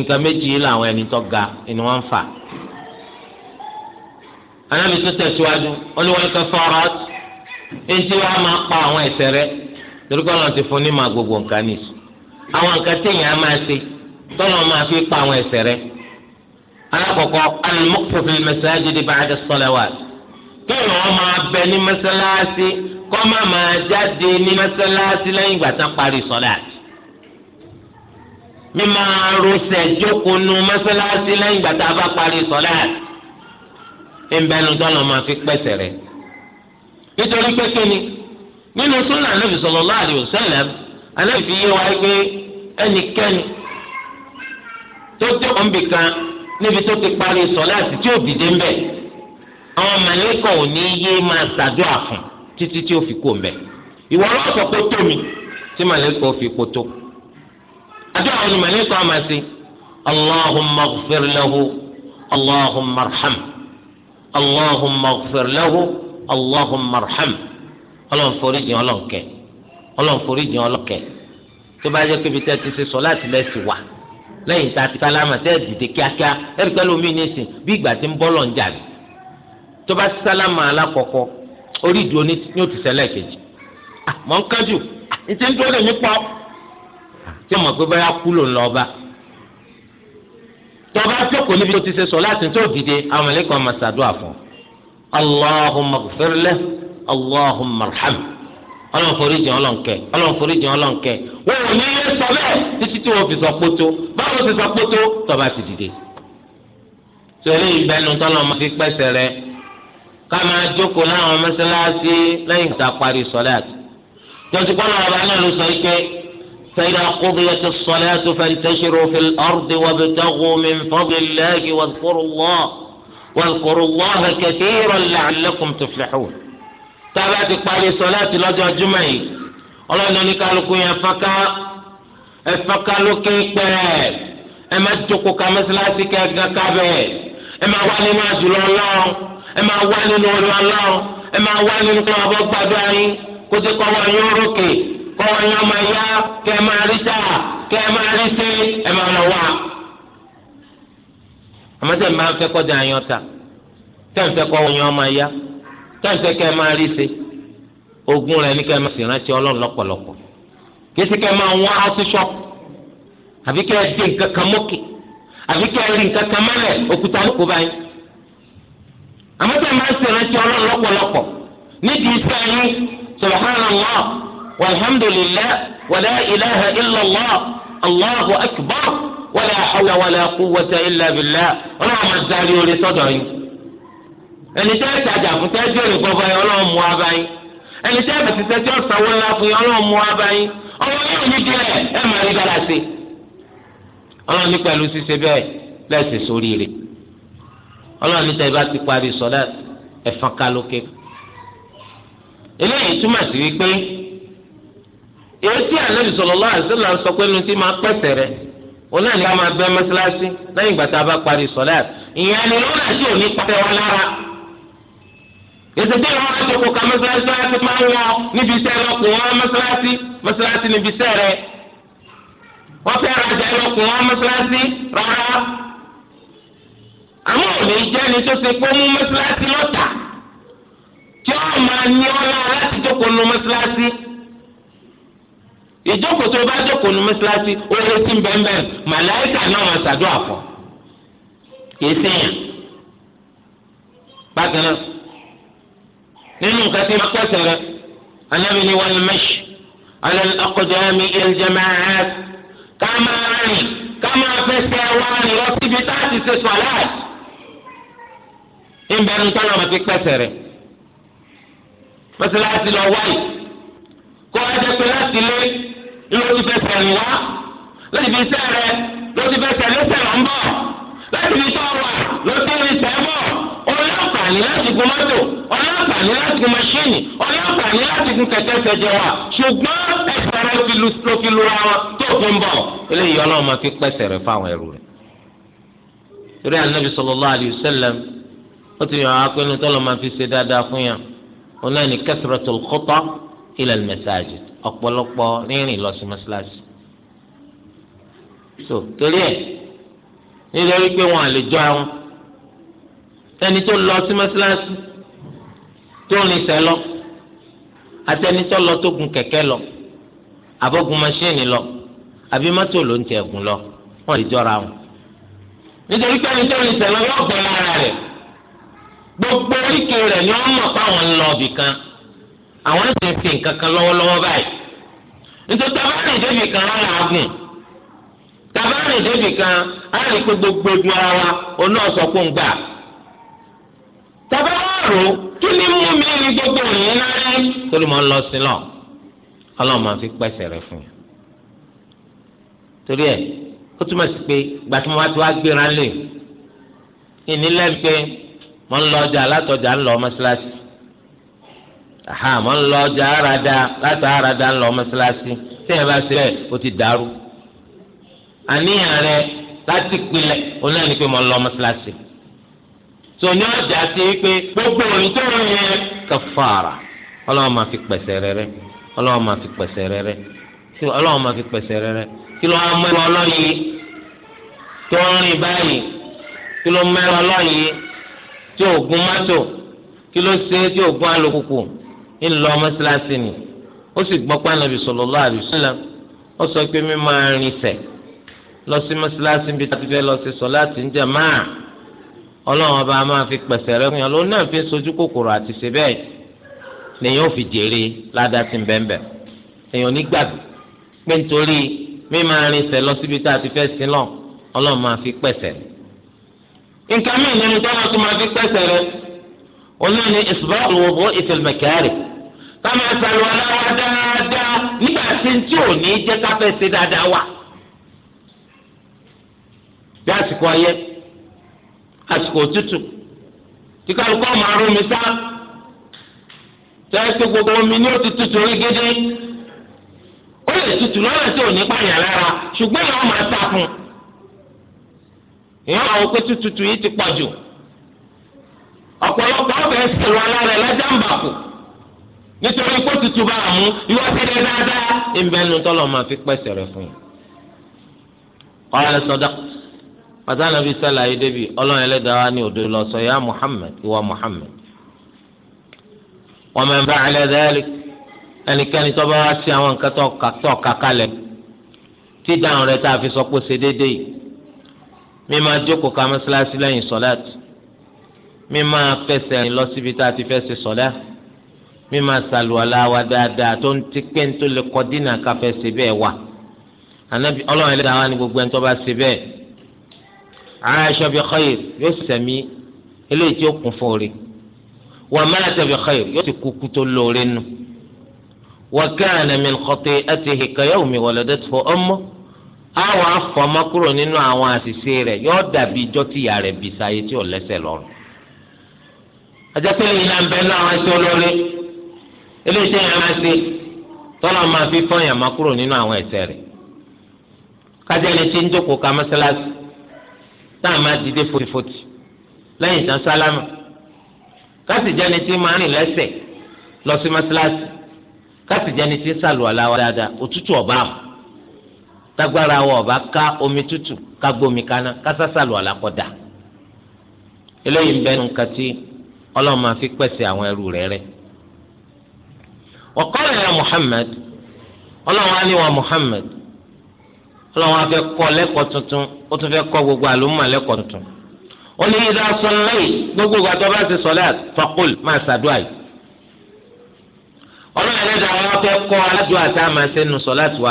nǹkan méjì làwọn ẹni tó ga ni wọ́n fà anábì tó tẹ̀síwájú olúwọ́n kan fọ́ọ̀rọ̀ etí wa máa pa àwọn ẹ̀ṣẹ̀ rẹ torí kọ́ lọ́n ti fún ní ma gbogbo nǹkan ní sùn àwọn nǹkan téèyàn á máa ṣe tọ́lọ́ máa fi pa àwọn ẹ̀ṣẹ̀ rẹ alákọ̀ọ́kọ́ alimọ́kùnfin mẹsàájì ba'da salawat kéèyàn wọn máa bẹ ní mẹsàlásì kọ́ má máa jáde ní mẹsàlásì lẹ́yìn ìgbà tán parí sọ́lá mi máa rosẹ̀ jókòó nu mẹsàlásì lẹ́yìn ìgbà tá a bá parí sọ́lá ńbẹ́nu tọ́lọ̀ máa fi pẹ̀sẹ̀ rẹ̀ nítorí pé kíni nínú súnà anábì sallallahu alaihi wasallam anábì fi yé wa pé ẹnikẹ́ni tó tó ọ̀nbì kan níbi tó ti parí sọ̀láàtì tí ò dìde ń bẹ̀ àwọn màlẹ́kọ̀ ò ní yé máa ṣàdúrà fún títí tí ó fi kó ń ìwọ lọ́wọ́ sọ pé tó tí màlẹ́kọ̀ fi kó tó àdúrà wọn ni màlẹ́kọ̀ allahumma ighfir allahumma arhamhu allahumma ighfir lahu allahumma arham ọlọ́run foríjì ọlọ́run kẹ́ ọlọ́run foríjì ọlọ́run kẹ́ tó bá yẹ kébi tẹ́ ti ṣe sọ láti lẹ́sì wá lẹ́yìn tá a ti sálámà tẹ́ dìde kíákíá ẹ̀rí pẹ́lú omi nísìn bí ìgbà tí ń bọ́ lọ́n jà ní tó bá sálámà alákọ̀ọ́kọ́ orí ìdúró ní yóò ti ṣẹlẹ̀ kejì ah, mọ̀ ń kájú ní ah, ti ń dúró lèmi pọ̀ ah, tí mo gbé báyà kú ló ń lọ bá tọba jókòó níbi tó ti ṣe sọ láti tó dìde àwọn mọlẹkọ ọmọ sàdúrà fún Allahumma ghfirleh Allahumma arham Ọlọ́run foríjìn Ọlọ́run kẹ́ Ọlọ́run foríjìn Ọlọ́run kẹ́ wọn ò ní ilé sọ bẹ́ẹ̀ títí tí wọn fi sọ kótó báwo ti sọ kótó tọba ti dìde. sọlá ìbẹnu tọ́lọ́ máa fi pẹ́sẹ̀ rẹ ká máa jókòó láwọn mọ́sálásí lẹ́yìn tá a parí sọ́láàtì. jọ́sìn kọ́nà ọba náà ló sọ ike فإذا قضيت الصلاة فانتشروا في الأرض وابتغوا من فضل الله واذكروا الله واذكروا الله كثيرا لعلكم تفلحون تابعت قال صلاة لجا جمعي الله أنني قالوا يا فكا فكا لكي أما تجوكو كمثلاتي كاكابي أما والي ما جلو الله أما والي نور الله أما والي نقوى بابا دعي كتكوا وعيوركي kọ́mọ yẹn máa yá kẹ́ ẹ máa rí sá kẹ́ ẹ máa rí sí ẹ máa lọ wá. àmọ́ tẹ̀ máa ń fẹ́ kọjá yan ta tẹ̀ ń fẹ́ kọ́ wọn máa yá tẹ̀ ń fẹ́ kẹ́ ẹ máa rí sí ogun ní kẹ́ ẹ máa sì ọlọ́run lọ́pọ̀lọpọ̀ kí kẹ́ ẹ máa wọ́n aṣọ àbí kẹ́ ẹ dé nǹkan kan mọ́kì àbí kẹ́ ẹ rí nǹkan kan mọ́lẹ̀ òkúta ló kó àmọ́ walhamdulillah wala ilaha illallah allahu akbar wala hawla wala quwwata illa billah ọlọ́run máa sáré orí sọ́dọ̀ yín ẹni tẹ́ ẹ tajà fún tẹ́ ẹ jẹ́ olùkọ́fọ́ yín ọlọ́run mú wa báyìí ẹni tẹ́ ẹ bẹ̀sẹ̀ tẹ́ ẹ jẹ́ ọ̀sánwó ńlá fún yín ọlọ́run mú wa báyìí ọlọ́run yóò ní díẹ̀ ẹ máa rí dára sí i ọlọ́run ní pẹ̀lú ṣíṣe bẹ́ẹ̀ lẹ́sì sórí rẹ̀ ọlọ́run ní tẹ́ bá ti parí sọ́dọ̀ ẹ̀fọn kálókè eléyìí túmọ̀ sí wípé èyí ànábì sallallahu alaihi sọ pé ti máa pẹ̀sẹ̀ rẹ̀ òun náà ní ká máa ìgbà tá a bá parí sọ̀láàt ìyẹn ni lọ́nà tí ò ní pàtẹ́ wọn lára ètò ìwọ máa ka mọ́sálásí máa ń wọ níbi iṣẹ́ lọ́kùn wọn mọ́sálásí mọ́sálásí níbi iṣẹ́ rẹ̀ wọ́n fẹ́ rajà wọn rárá òní tó ti mú tí máa ní ìjókòó tó o bá jókòó nu mọ́sálásí ó lé sí bẹ́ẹ̀nbẹ́ẹ̀ màláìkà náà wọn ṣàdúrà fọ́ kìí sẹ́yìn bákan náà nínú nǹkan tí wọ́n pẹ̀sẹ̀ rẹ̀ anábì ni wọ́n mẹ́ṣì alẹ́ ọkọ̀jọ́ mi ẹ̀jẹ̀mẹ́ ẹ̀ ká máa rìn ká máa fẹsẹ̀ wá rìn síbi tá ṣe sọ̀láàt ìbẹ̀rù tọ́lọ̀ wọn ti pẹ̀sẹ̀ rẹ̀ mọ́sálásí lọ wáyé kó wá jẹ́ láti lé ló ti fẹsẹ̀ rìn wá láti fi iṣẹ́ rẹ ló ti fẹsẹ̀ lẹ́sẹ̀ rẹ̀ ń bọ̀ láti fi tọ́ wà ló ti rí sẹ́ bọ̀ ọlọ́pàá ní láti gun mọ́tò ọlọ́pàá ní láti gun mọ́ṣíìnì ọlọ́pàá ní láti gun kẹ̀kẹ́ sẹ̀jẹ̀ wà ṣùgbọ́n ẹsẹ̀ rẹ ló fi lu ara tó fi ń bọ̀ eléyìí ọlọ́run máa fi pẹ́sẹ̀ rẹ fáwọn ẹrù rẹ̀ torí anabi sallallahu alayhi wa sallam ó ti yàn á pé inú tọ́lọ́ máa fi ṣe dáadáa fún yàn ó náà ní kasratul khata ila al-masajid ọ̀pọ̀lọpọ̀ rírìn lọ sí mọ́ṣáláṣí. so torí ẹ̀ nítorí pé wọn àlè jọ àwọn ẹni tó lọ sí mọ́ṣáláṣí tó rìn sẹ́ lọ atẹni tó lọ tó gun kẹ̀kẹ́ lọ abọ́gun maṣíìnì lọ àbí mọ́tò ló ń tẹ̀ gùn lọ wọn lè jọra wọn. nítorí pé ẹni tó rìn sẹ́ lọ yóò gbẹ lára rẹ̀ gbogbo oríkèé rẹ̀ ni wọ́n mọ̀ fáwọn ńlọ ibì àwọn ẹsẹ̀ ti nǹkan kan lọ́wọ́lọ́wọ́ báyìí nítorí tabarin débi kan á là á gùn tabarin débi kan á lè kó gbogbo egun ara wa oná sọ fún gbà tabararo kí ni mú mi ní gbogbo òyìn náà rí torí mo ń lọ sí lọ ọlọ́run máa fi pẹ́sẹ̀ rẹ fún yẹn torí ẹ ó túmọ̀ sí pé ìgbà tí mo bá ti wá gbéra lè ìnílẹ̀ pé mo ń lọ ọjà látọjà ń lọ mọ́ṣáláṣí aha mo ń lọ ọjà arada láti arada ń lọ mọ́sálásí tẹ́yìn bá ṣe bẹ́ẹ̀ o ti dàrú àníyàn rẹ láti pilẹ̀ òun náà ni pé mo ń lọ mọ́sálásí tòní ọjà gbogbo òyìn tó ń yẹ kàfàrà máa fi pẹ̀sẹ̀ rere ọlọ́run máa fi rere máa fi pẹ̀sẹ̀ rere kí ló ń mẹ́rọ ọlọ́yin tó ń rìn báyìí kí ló ńlọ mọ́sálásí ni ó sì gbọ́ pé ànábì sallallahu alaihi wasallam ó sọ pé mi máa rin sẹ̀ lọ sí mọ́sálásí bíi tàbí fẹ́ lọ sí sọ̀láàtì ń jàmáà ọlọ́run ọba máa fi pẹ̀sẹ̀ rẹ fún yàn lóun náà fi sojú kòkòrò àti ṣe bẹ́ẹ̀ lèyìn ò fi jèrè ládàá sí bẹ́ẹ̀nbẹ́ èèyàn nígbàgbé pé nítorí mi máa rin sẹ̀ lọ síbi tá a ti fẹ́ sí lọ ọlọ́run máa fi pẹ̀sẹ̀ rẹ. nǹkan mìíràn nínú tọ́lá tó máa fi pẹ̀sẹ̀ rẹ káma ṣàlù aláwa dáadáa nígbà tí ntí ò ní jẹ́ káfẹ́ ṣe dáadáa wà. bí àsìkò ọyẹ́ àsìkò òtútù tí kálukọ́ gbogbo omi ní òtútù torí gidi ó lè tutù lọ́nà tí ò ní pààyàn lára ṣùgbọ́n ìyá máa ta fún ìyá àwọn pé ti pọ̀ jù ọ̀pọ̀lọpọ̀ ẹ̀ nítorí pé tutù bá àmú ìwọ ti rẹ dáadáa ìbẹnu tọlọ máa fi pẹsẹ rẹ fún un. ọ̀rẹ́ sọ̀dọ̀ pàtàkì nàbí sàlàyé débi ọlọ́run ẹlẹ́dàá wa ní òdo lọ sọ ya Muhammad ìwà Muhammad. wọ́n máa ń bá alẹ́ dáhàlì ẹnikẹ́ni tó bá wá sí àwọn nǹkan tó kà kalẹ̀ tí dáhùn rẹ̀ tá a fi sọ pé ṣe déédéé yìí mi máa jókòó ka mọ́ṣáláṣí lẹ́yìn sọ̀láàtì mi máa fẹsẹ̀ lọ síbi tá a ti fẹ́ ṣe sọ̀láàtì mímà sàlùwàlà wa dáadáa tó ń ti pé ń tó lè kọ́ dínà káfẹ́ ṣe bẹ́ẹ̀ wà anabi ọlọ́run ẹlẹ́dàá wa ni gbogbo ẹni tó bá ṣe bẹ́ẹ̀ aṣọ bí xeyir yóò sẹ̀mí eléyìí tí ó kún fún orí wà mẹ́lẹ́tẹ̀ bí xeyir yóò ti kúkú tó lóore nù wà kana min khati'atihi kayawmi waladathu ummuh àwọn afọmọ kúrò nínú àwọn àṣìṣe rẹ̀ yóò dàbí ijọ́ tí ìyá rẹ̀ bí tí ò lẹ́sẹ̀ lọ́rùn. àjẹpẹ́lẹ́ yìí là ń bẹ́ẹ̀ náà wọ́n ṣe olóore eléyìí tẹ́yìn máa ṣe tọ́lọ́ máa fi fọ́yàn máa kúrò nínú àwọn ẹ̀ṣẹ̀ rẹ̀ kájẹ́ni tí ń jókòó ka mọ́sálásí táà máa dìde fotifoti lẹ́yìn tán sálámà kásì jẹ́ni tí máa rìn lẹ́sẹ̀ lọ sí mọ́sálásí kásì jẹ́ni tí ń sàlùwàlá wa dáadáa òtútù ọ̀bá àmọ́ tagbara wa ọ̀bá ká omi tútù ká gbómi kaná kásá sàlùwàlá kọ́ eléyìí ń bẹ́ẹ̀ nù kàtí ọlọ́run máa fi pèsè àwọn ẹrù rẹ̀ rẹ̀ وقال يا محمد ọlọ́run á ní wa muhammed ọlọ́run á fẹ́ kọ́ lẹ́kọ̀ọ́ tuntun ó tún gbogbo àlùmọ́ lẹ́kọ̀ọ́ tuntun ó ní ìdá gbogbo ìgbà tó ti sọlá faqul máa ṣàdúrà yìí ọlọ́run ẹlẹ́dàá wọn fẹ́ kọ́ aládùúgbò àti àmàṣẹ́nu sọlá ti wà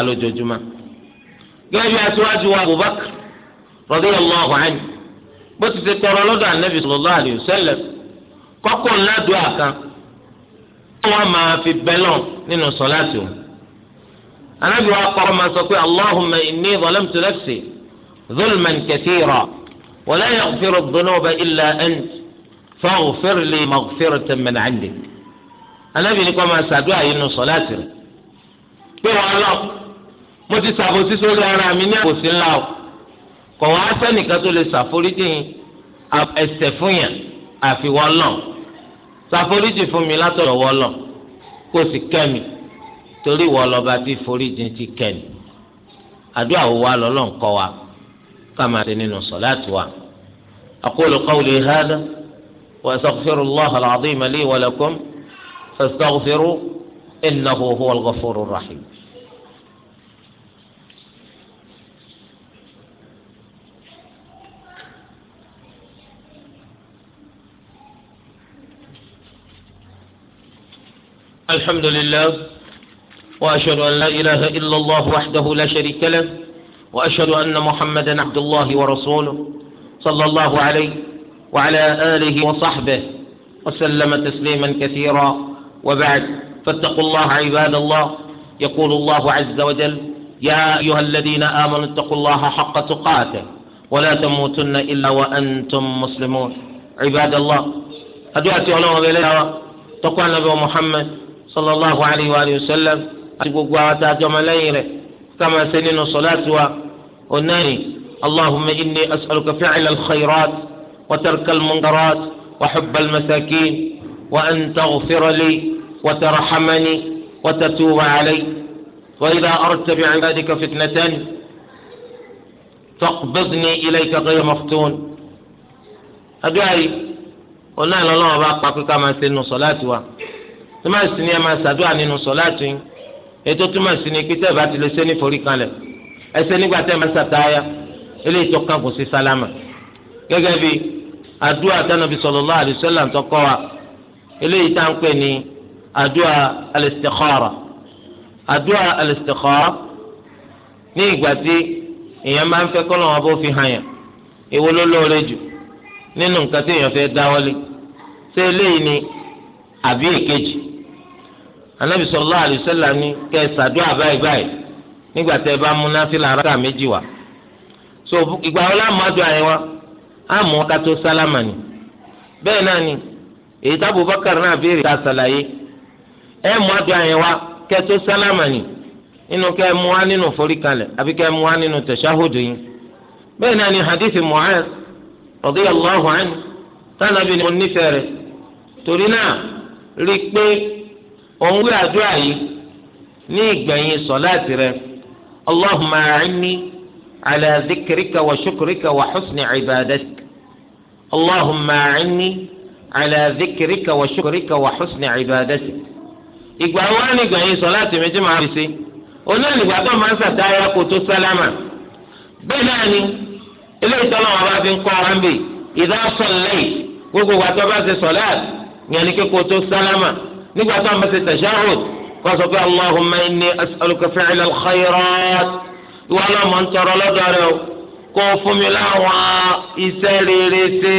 bí aṣíwájú wa abubakar bó ti ti tọrọ alayhi ńlá dùn àkàn wọ́n máa fi bẹ́lọ̀ nínú sọ̀láàtì o. anábì wa kọ́ máa sọ pé allahumma inni zalamtu nafsi zulman kathira wa la yaghfiru dhunuba illa ant faghfir li maghfiratan min 'indik. anábì ni kọ́ máa ṣàdúrà yìí nínú sọ̀láàtì rẹ̀. pé wọ́n lọ mo ti ṣàbòsí sórí ara mi ní àbòsí ńlá o kọ̀ wá sẹ́nìkan tó lè ṣàforíjì ẹ̀ṣẹ̀ fún yàn àfi wọ́n lọ́n ṣàforíjì fún mi látọ̀dọ̀ wọlọ kó sì kẹ́mi torí wọlọba ti foríjì ti kẹ́mi àdúrà wo wa lọ́lọ́ ń wa ká máa ṣe nínú sọ̀láàtì wa. أقول قولي هذا وأستغفر الله العظيم لي ولكم فاستغفروا إنه هو الغفور الرحيم الحمد لله وأشهد أن لا إله إلا الله وحده لا شريك له وأشهد أن محمدا عبد الله ورسوله صلى الله عليه وعلى آله وصحبه وسلم تسليما كثيرا وبعد فاتقوا الله عباد الله يقول الله عز وجل يا أيها الذين آمنوا اتقوا الله حق تقاته ولا تموتن إلا وأنتم مسلمون عباد الله أدعتي الله تقوى النبي محمد sallallahu alayhi wa sallam àti gbogbo àwọn tá a jọ ọmọ lẹ́yìn rẹ̀ ká máa ṣe nínú sọláàtì wa onáni allahumma inni as'aluka fi'la al-khayrat wa tarka al-munkarat wa hubba al-masakin wa an taghfira li wa tarhamani wa tatuba alayya wa aradta bi'ibadika fitnatan taqbidni ilayka ghayra maftun adúláyé onáni lọ́wọ́ bá pa pé ká máa sọláàtì wa túmọ̀ sí ni ẹ máa ṣàdúrà nínú sọ̀láàtì ètò túmọ̀ sí ni pété bá ti lè ṣe ní forí kanlẹ̀ ẹsẹ̀ nígbà tẹ́ ẹ máa ṣàtáyà eléyìí tó kàn kò sí sálámà gẹ́gẹ́ bí adua tánàbí sallallahu alaihi wasallam tó kọ́ wa eléyìí tá à ń pè ní àdúrà al-istikhara àdúrà al-istikhara máa ń fẹ́ kọ́ lọ́wọ́ bó fi hàn yàn èwo lóore jù nínú nǹkan tí èèyàn fẹ́ dáwọ́lé ṣé eléyìí ni àbí èkejì anabi sallallahu alaihi wasallam ni kẹ́ ẹ ṣàdúrà báyìí nígbà tẹ́ ẹ bá mú méjì wá so ìgbà wọn láàmú àdúrà yẹn wá àmú ká tó sálámà ni bẹ́ẹ̀ náà ni èyí tábù bákàr náà béèrè ká ṣàlàyé ẹ mú àdúrà yẹn wá kẹ́ tó sálámà ni nínú kẹ́ mú wá nínú òun wí àdúrà yìí ní ìgbẹ̀yìn sọ̀láàtì rẹ̀ allahumma a'inni ala dhikrika wa shukrika wa husni ibadatika allahumma a'inni ala dhikrika wa shukrika wa husni ibadatika. ìgbà wo ni ìgbẹ̀yìn sọ̀láàtì mi ti máa fi ṣe onílùgbà tó máa ń sàtáyà kó tó sálámà bẹ́ẹ̀ náà ni ilé ìtọ́nà ọba fi ń kọ́ ọ́n bì ìdá sọ̀lẹ́yì gbogbo wa tó bá ṣe sọ̀láàtì nígbà tó àwọn ṣe tashahhud kó sọ pé allahumma inni as'aluka fi'la al-khayrat ìwà náà mọ̀ ń tọrọ lọ́dọ̀ rẹ o kó fún mi láwọn iṣẹ́ rere sí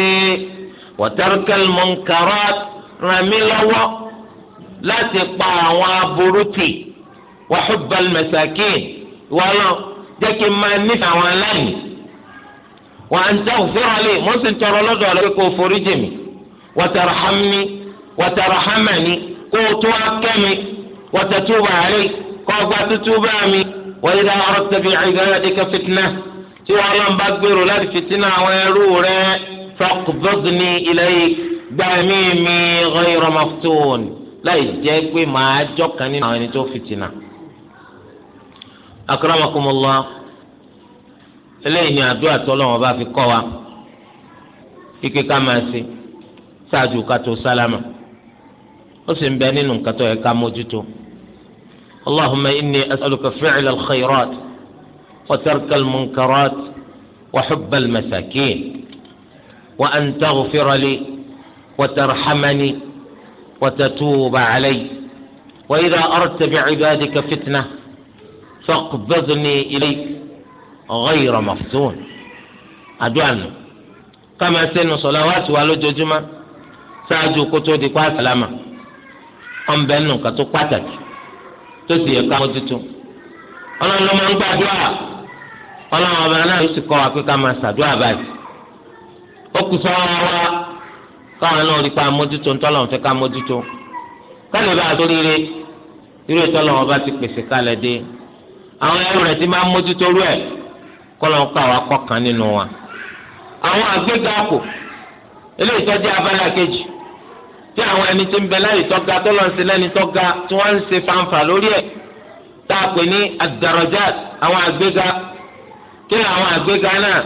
wa tarkal munkarat ràn mí lọ́wọ́ láti pa àwọn aburú tì wa hubbal masakin ìwà náà jẹ́ kí n máa nífẹ̀ẹ́ àwọn aláìní wa an taghfira li mo sì ń tọrọ lọ́dọ̀ rẹ kó forí jì mí wa tarhamni wa tarhamani kó o tó wá kẹ́mi wọ́n tẹ̀ tó bá rí kó o gbá tútú bá mi wọ́n yí dá ọ̀rọ̀ tẹ̀bi ibadika fitna tí wọ́n lọ́n bá gbèrò láti fìtínà àwọn ẹrú rẹ faqbidni ilayk gbàmí mi ghayra maftun láì jẹ́ pé màá jọ́kan nínú àwọn ẹni tó fìtínà. akramakumullah eléyìí ni àdúrà tọ́lọ́wọ́n bá fi kọ́ wa kíkẹ́ ká máa ṣe ṣáájú ká tó sálámà ó sì ń bẹ nínú nǹkan tó yẹ ká mójútó اللهم إني أسألك فعل الخيرات وترك المنكرات وحب المساكين وأن تغفر لي وترحمني وتتوب علي وإذا أردت بعبادك فتنة فاقبضني إليك غير مفتون أدعنا كما سن صلوات والجمعة ساجو كتو دي wọn bẹ nù kàtó pàtàkì tó sì yẹ ká mójútó ọlọ́run ló máa ń gbàdúrà ọlọ́run ọba náà ló sì kọ́ wa pé ká máa ṣàdúrà báyìí ó kù sọ́wọ́ wa káwọn náà rí pa mójútó ńtọ́lọ̀ fẹ́ ká mójútó kálí bá a tó rire irú ìtọ́lọ̀ wọn bá ti pèsè kálẹ̀ dé àwọn ẹrù rẹ̀ ti máa rú wa kọ́ nínú wa àwọn àgbégbá eléyìí tọ́jú abala kejì tí àwọn ẹni tí ń bẹ láyé tọ́ga tó lọ́n sí lẹ́ni tọ́ga tí wọ́n ń ṣe fanfa lórí ẹ̀ tá a pè ní ad-darajat àwọn àgbéga kí ni àwọn àgbéga náà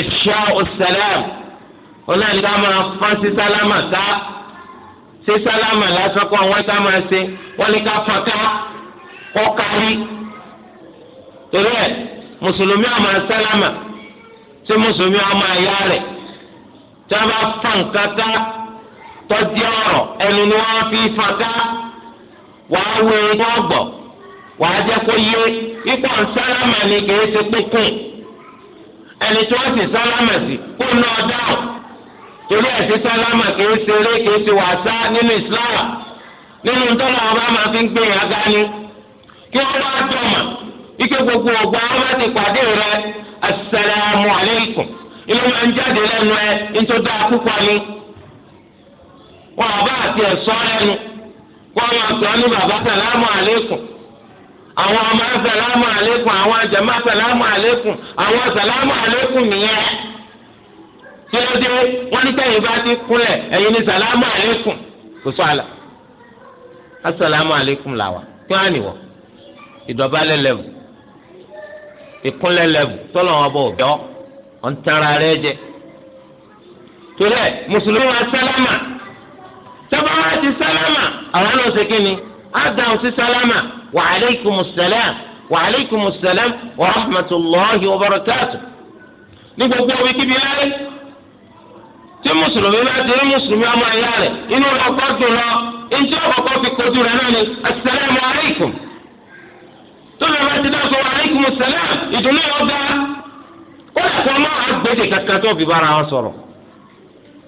ifsha'u salam onáni ká máa fọ́n sí sálámà ká sí sálámà lásán kó àwọn ká máa ṣe wọ́n ní ká fọ́n ká kó kárí torí ẹ̀ mùsùlùmí á máa sálámà tí mùsùlùmí á máa yá rẹ̀ tí wọ́n bá fọ́n kankan. tọ́jú ọ̀rọ̀ ẹnu ni wọ́n fi fọ́nká wàá wé ọgbọ ọgbọ̀ wàá jẹ́ kó yé ipò sálámà ni kìí ṣe pínpín ẹni tí wọ́n sì sálámà sí kó náà dáhùn torí ẹ̀sìn sálámà kìí ṣe eré kìí ṣe wàásá nínú ìsìláàmù nínú ọba máa fi ń gbé yàn kí wọ́n bá mà ike gbogbo ọgbà wọn bá ti pàdé rẹ asalaamualeykum ilé wọn jáde lẹ́nu ẹ nítorí ni. wọn àbá àti ẹ̀sọ́ ẹnu kó wọn àti ọ́ ní bàbá sàlámù àlékún àwọn ọmọ sàlámù àlékún àwọn àjàmá sàlámù àlékún àwọn sàlámù àlékún nìyẹn tí ó dé wọn ní sẹ́yìn bá ti kúnlẹ̀ ẹ̀yin ní sàlámù àlékún kò sọ àlà asàlámù àlékún làwà kí wọn á nìwọ ìdọ̀bálẹ̀ lẹ́wù ìkúnlẹ̀ lẹ́wù tọ́lọ̀ wọn bọ̀ ọ̀dọ́ ọ̀ntara rẹ jẹ torí ẹ mùsùlùmí wa sábà wá ti sálámà àwọn náà ṣe kíni á dáhùn sí sálámà wa alaykumus salam wa alaykumus salam wa rahmatullahi wa barakatuh ní gbogbo omi kíbi láyé tí mùsùlùmí bá ti rí mùsùlùmí ọmọ ìyá rẹ̀ inú rẹ̀ ọkọ̀ dùn lọ ìjọ ọkọ̀ fi kojú rẹ̀ náà ni asalaamu alaykum tó lè bá ti dá sọ alaykum salaam ìdùnnú yóò dá ó lè sọ ọmọ àgbèdè kankan tó fi bára wọn sọ̀rọ̀.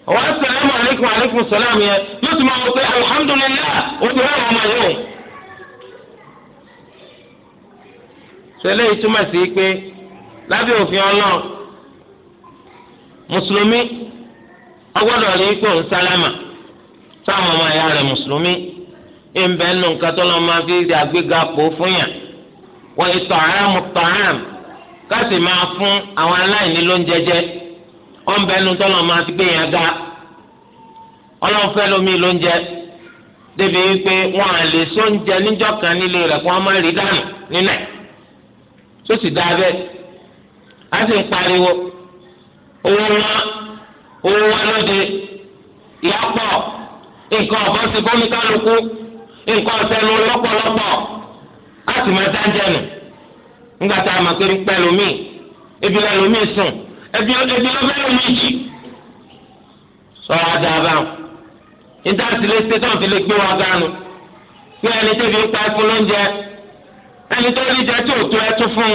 ọwọ́ asalaamu aleykum aleykum salaam yẹn yóò tún máa wọ pé alihamudulilayi o ti rẹ́ ọmọ yẹn. sẹlẹ̀ yìí túmọ̀ sí pé lábẹ́ òfin ọlọ́run mùsùlùmí ọgbọ́dọ̀ rí pé òun sálámà táwọn ọmọ ẹ̀yà rẹ̀ mùsùlùmí ìbẹ̀ nù nǹkan lọ́ máa fi àgbéga pò fún yàn wọ́n ìtọ̀ àrà ọ̀nbẹ nu tọ́lọ̀ máa ti gbé yẹn ga ọlọ́fẹ́ lomi ló ń jẹ débi wípé wọn à lè so ń jẹ níjọ́ kan nílé rẹ̀ kó wọn má rí dànù nílẹ̀ tó sì dáa sì ń pariwo owó wá owó wá lóde ìyá pọ̀ nǹkan ọ̀bọ̀n ti bọ́ ní kálukú nǹkan ọ̀sẹ̀nu lọ́pọ̀lọpọ̀ á sì máa tá a pé ń pẹ́ lomi lomi sùn. ẹbí ọlọ́bí ọlọ́bẹ̀rẹ̀ méjì sọ̀rọ̀ àdàbà nítaàsí lè ṣe tán fi lè gbé wa gánu pé ẹni tẹ́bi ń pa fún lóúnjẹ ẹni tó rí jẹ tó tó ẹtú fún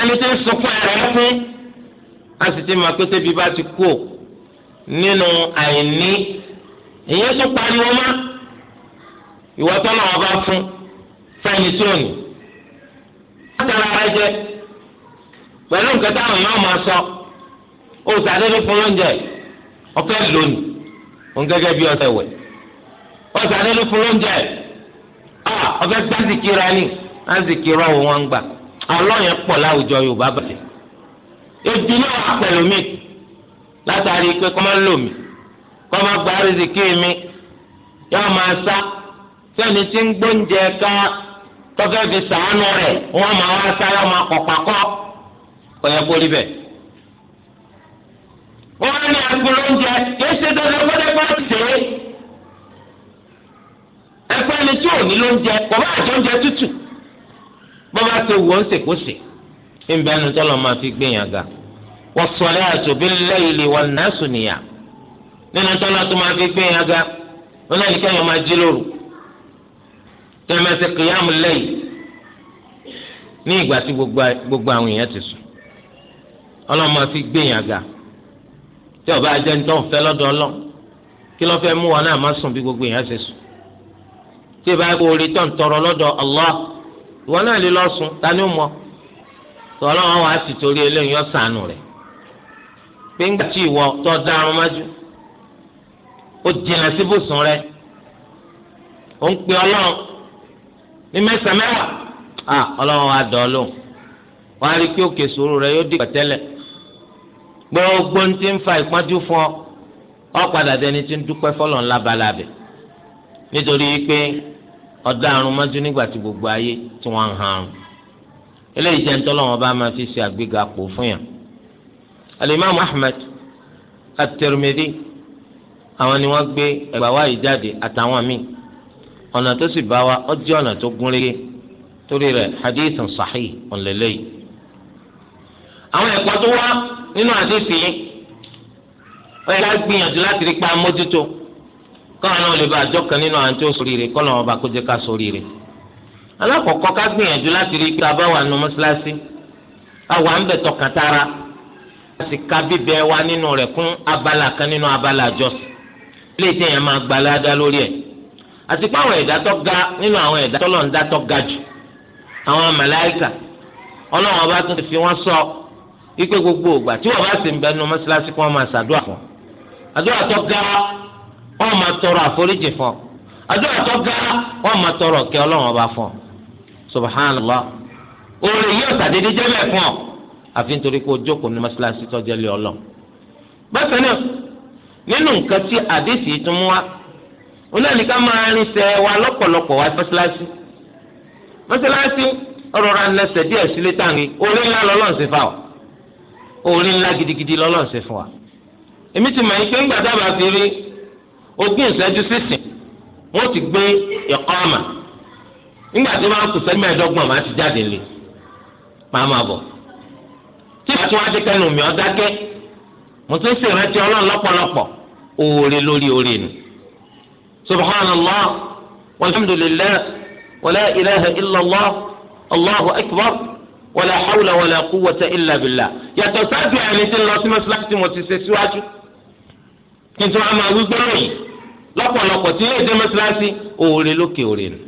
ẹni tó ń sunkún ẹ̀rẹ́ fún a sì ti mọ̀ pé tẹ́bi bá ti kú nínú àìní ìyẹn tó pariwo mọ́ ìwọ́tọ́ náà wọ́n bá fún fẹ́ni tóní pẹ̀lú nǹkan táwọn èèyàn máa sọ ó sàdédé fún lóúnjẹ ọ̀fẹ́ lónìí òun gẹ́gẹ́ bí ọ̀sẹ̀ wẹ̀ ó sàdédé fún lóúnjẹ ọ̀fẹ́ gbá zikira ni á zikira òun wọn gbà alọ́yẹn pọ̀ láwùjọ Yorùbá bàjẹ́ ebi náà wà pẹ̀lú mi látàrí pé kọ́ lò mí kọ́ gba rìzìkì mi yóò máa sá sẹ́ni tí ń gbóúnjẹ ká tọ́fẹ́ fi sàánú rẹ̀ wọ́n máa wá sá yóò máa kọ̀ pàkọ́. ọyẹ kórì bẹ. wọ́n ní a oúnjẹ yéé ṣe dandan fọdẹ ṣe é. tí lóúnjẹ kò bá àjọ oúnjẹ tútù. bọ́lá wọ́n ṣèkóṣe. tọ́lọ̀ máa fi gbìyàn ga. wọ́n sọ lẹ́yìnlẹ́ wọn náà sùn nínú tọ́lọ̀ tó máa fi gbìyàn ga. wọn náà máa jí gbogbo àwọn èèyàn ti sùn ọlọ́run máa fi gbẹ̀yìn àgà tí ọba ajẹ́ ń tọ́ fẹ́ lọ́dọ̀ ọlọ́ kí ló fẹ́ mú wa náà má sùn bí gbogbo èèyàn ṣe sùn tí ìbá kò rí tọ́ tọrọ lọ́dọ̀ Allah ìwọ náà lè lọ sùn ta ni ó mọ tọ́ ọlọ́run wa sì torí eléyìí ọ̀sánù rẹ̀ pé ńgbà tí ìwọ tọ́ dárun májú ó jìnà síbùsùn rẹ̀ ó ń pe ọlọ́run ní mẹ́sàn-án mẹ́wàá ọlọ́run wa dọ̀ ọ́ lóhùn wọ́n rí kí òkè sòrò rẹ̀ yóò dìgbà tẹ́lẹ̀ gbogbo ń ti ń fa ìpọ́njú fún ọ ọ padà dẹni tí ń dúpẹ́ fọlọ́ ńlá balabẹ̀ gbogbo ayé tí wọ́n ń harun eléyìí jẹ́ ntọ́lọ́wọ́n bá máa fi ṣe àgbéga pò fún yàn alimami ahmed àwọn ni wọ́n gbé ẹgbà wá yìí àtàwọn míì ọ̀nà tó sì bá wa jẹ́ ọ̀nà tó gúnrégé torí rẹ̀ àwọn ẹ̀kọ́ tó wá nínú àdìsí wọ́n yẹ ká gbìyànjú láti rí pa mójútó káwọn náà lè bá àjọ kan nínú àwọn tó sóríire kọ́ lọ́wọ́ bá kó jẹ́ ká sóríire. alákọ̀ọ́kọ́ ká gbìyànjú láti rí pa bá wà nù àwa ń bẹ̀ tọkàn tara a sì ka bíbẹ wa nínú rẹ̀ kún abala kan nínú abala àjọsìn ilé tí èèyàn máa gbalẹ́ adá lórí ẹ̀ àti pé àwọn ẹ̀dá tó ga nínú àwọn ẹ̀dá tó lọ́n dá tó ga jù àwọn màláíkà ọlọ́run ọba tún ti fi wọ́n sọ ikpe gbogbo ògbà tí wọn bá sì ń bẹ nu mọ́sálásí kí wọ́n máa ṣàdúrà fún àdúrà tó ga wọ́n máa tọrọ àforíjì fún àdúrà tó ga wọ́n máa tọrọ kí ọlọ́run ọba fún subhanallah oore yóò sàdédé jẹ́ bẹ́ẹ̀ fún ọ àfi nítorí pé o jókòó nu mọ́sálásí tó jẹ́ lé ọlọ́run. bákan náà nínú nǹkan tí àdéhìí tún mú wa onáníkà máa rin sẹ wa lọ́pọ̀lọpọ̀ wá mọ́sálásí mọ́sálásí ọ̀rọ̀ ra nẹsẹ̀ díẹ̀ sílé táwọn orí ńlá gidigidi lọ́lọ́run ṣe fún wa èmi ti mọ̀ ike ńgbà dábàá fi rí ogún ìṣẹ́jú sísìn wọ́n ti gbé ìkọ́ọ̀mà ńgbà tó bá kù sẹ́yìn mẹ́ẹ̀ẹ́dọ́gbọ̀n máa ti jáde lé ọ máa tí ìgbà tó wá dé mi ọ̀dákẹ́ mo rántí ọlọ́run lọ́pọ̀lọpọ̀ oore lórí oore nù allahu akbar. wala hawla wala quwwata illa billah yàtọ̀ sáájú ẹni tí ń lọ sí mọ́sálásí mo ti ṣe síwájú kí n tún máa wí gbọ́rọ̀ yìí lọ́pọ̀lọpọ̀ tí ilé ìdè mọ́sálásí òòrè lókè òòrè nù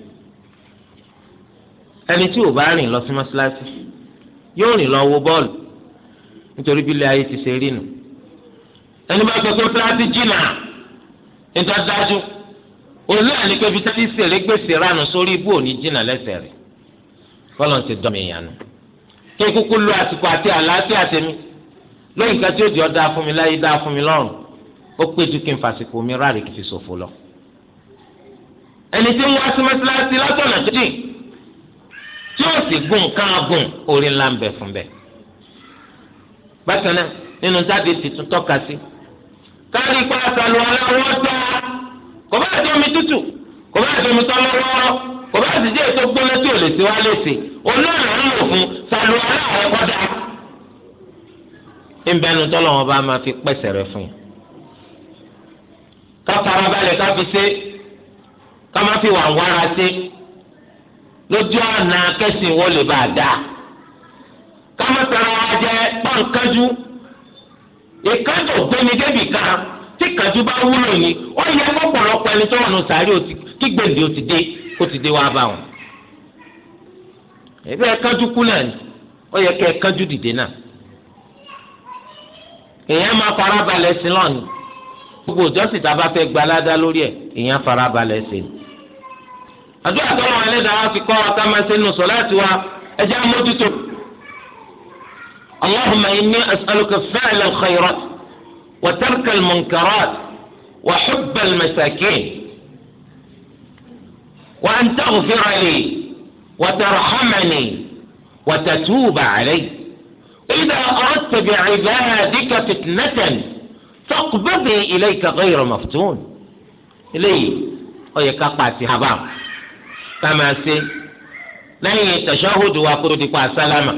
ẹni tí ò bá rìn lọ sí mọ́sálásí yóò rìn lọ wo bọ́ọ̀lù nítorí bí ilé ayé ti ṣe rí nù ẹni bá sọ pé mọ́sálásí jìnnà níta dájú olú àníkẹ́bí tẹ́lí sèré gbèsè ránù sórí ibú òní jìnnà lẹ́sẹ̀ rẹ̀ fọlọ́n kí n kúkú lo àsìkò àti àlàáfíà tèmi lóyìn kan tí ó di ọ́ dáa fún mi láyé dáa fún mi lọ́rùn ó pé ju kí n fàsìkò mi ráàlì kì í fi ṣòfò lọ. ẹni tí ń wá sí mọ́sálásí látọ̀nà tó dì tí ó sì gùn nǹkan orí ńlá ń bẹ fún bẹ́ẹ̀. bákan nínú jáde sì tọ́ka sí káàrí ipa àtàlù aláwọ̀ tó kò bá àti omi tútù kò bá àti omi tọ́lọ́wọ́rọ́ kò bá àti jẹ́ ètò gbóná tí ò lè ṣe wá léṣe. onu ń sàlù aláwọ̀ kọjá. ìbẹnu tọ́lọ̀ wọn bá máa fi pẹ̀sẹ̀ rẹ fún yìí. ká ká fi ṣe ká má fi wàǹwára ṣe lójú ọ̀nà kẹ́sìn wọlé bá ka dáa. ká má tẹ̀ra wa pọ́ǹkájú ìkájọ gbẹmí débi kan tí kájú bá wúlò ní ó yẹ lọ́pọ̀lọpọ̀ ẹni tó wà nù ó ti dé ó ti dé wá bá ẹbí ẹ kánjú kú náà ni ó yẹ kẹ ẹ kánjú dìde náà èèyàn máa fara balẹ̀ sí lọ́ọ̀nì gbogbo ìjọsìn tá a bá fẹ́ gba aládá lórí ẹ̀ èèyàn fara balẹ̀ sí ni. àdúrà tó wọn ẹlẹ́dàá wá fi kọ́ ọ̀tá máa ṣe nù sọ láti wá ẹjẹ́ amójútó. اللهم إني أسألك فعل الخيرات وترك المنكرات وحب المساكين وأن تغفر لي وترحمني وتتوب علي إذا أردت بعبادك فتنة فاقبضي إليك غير مفتون إلي أيك قاتي هبام كما سي لن يتشهد وقردك وسلامة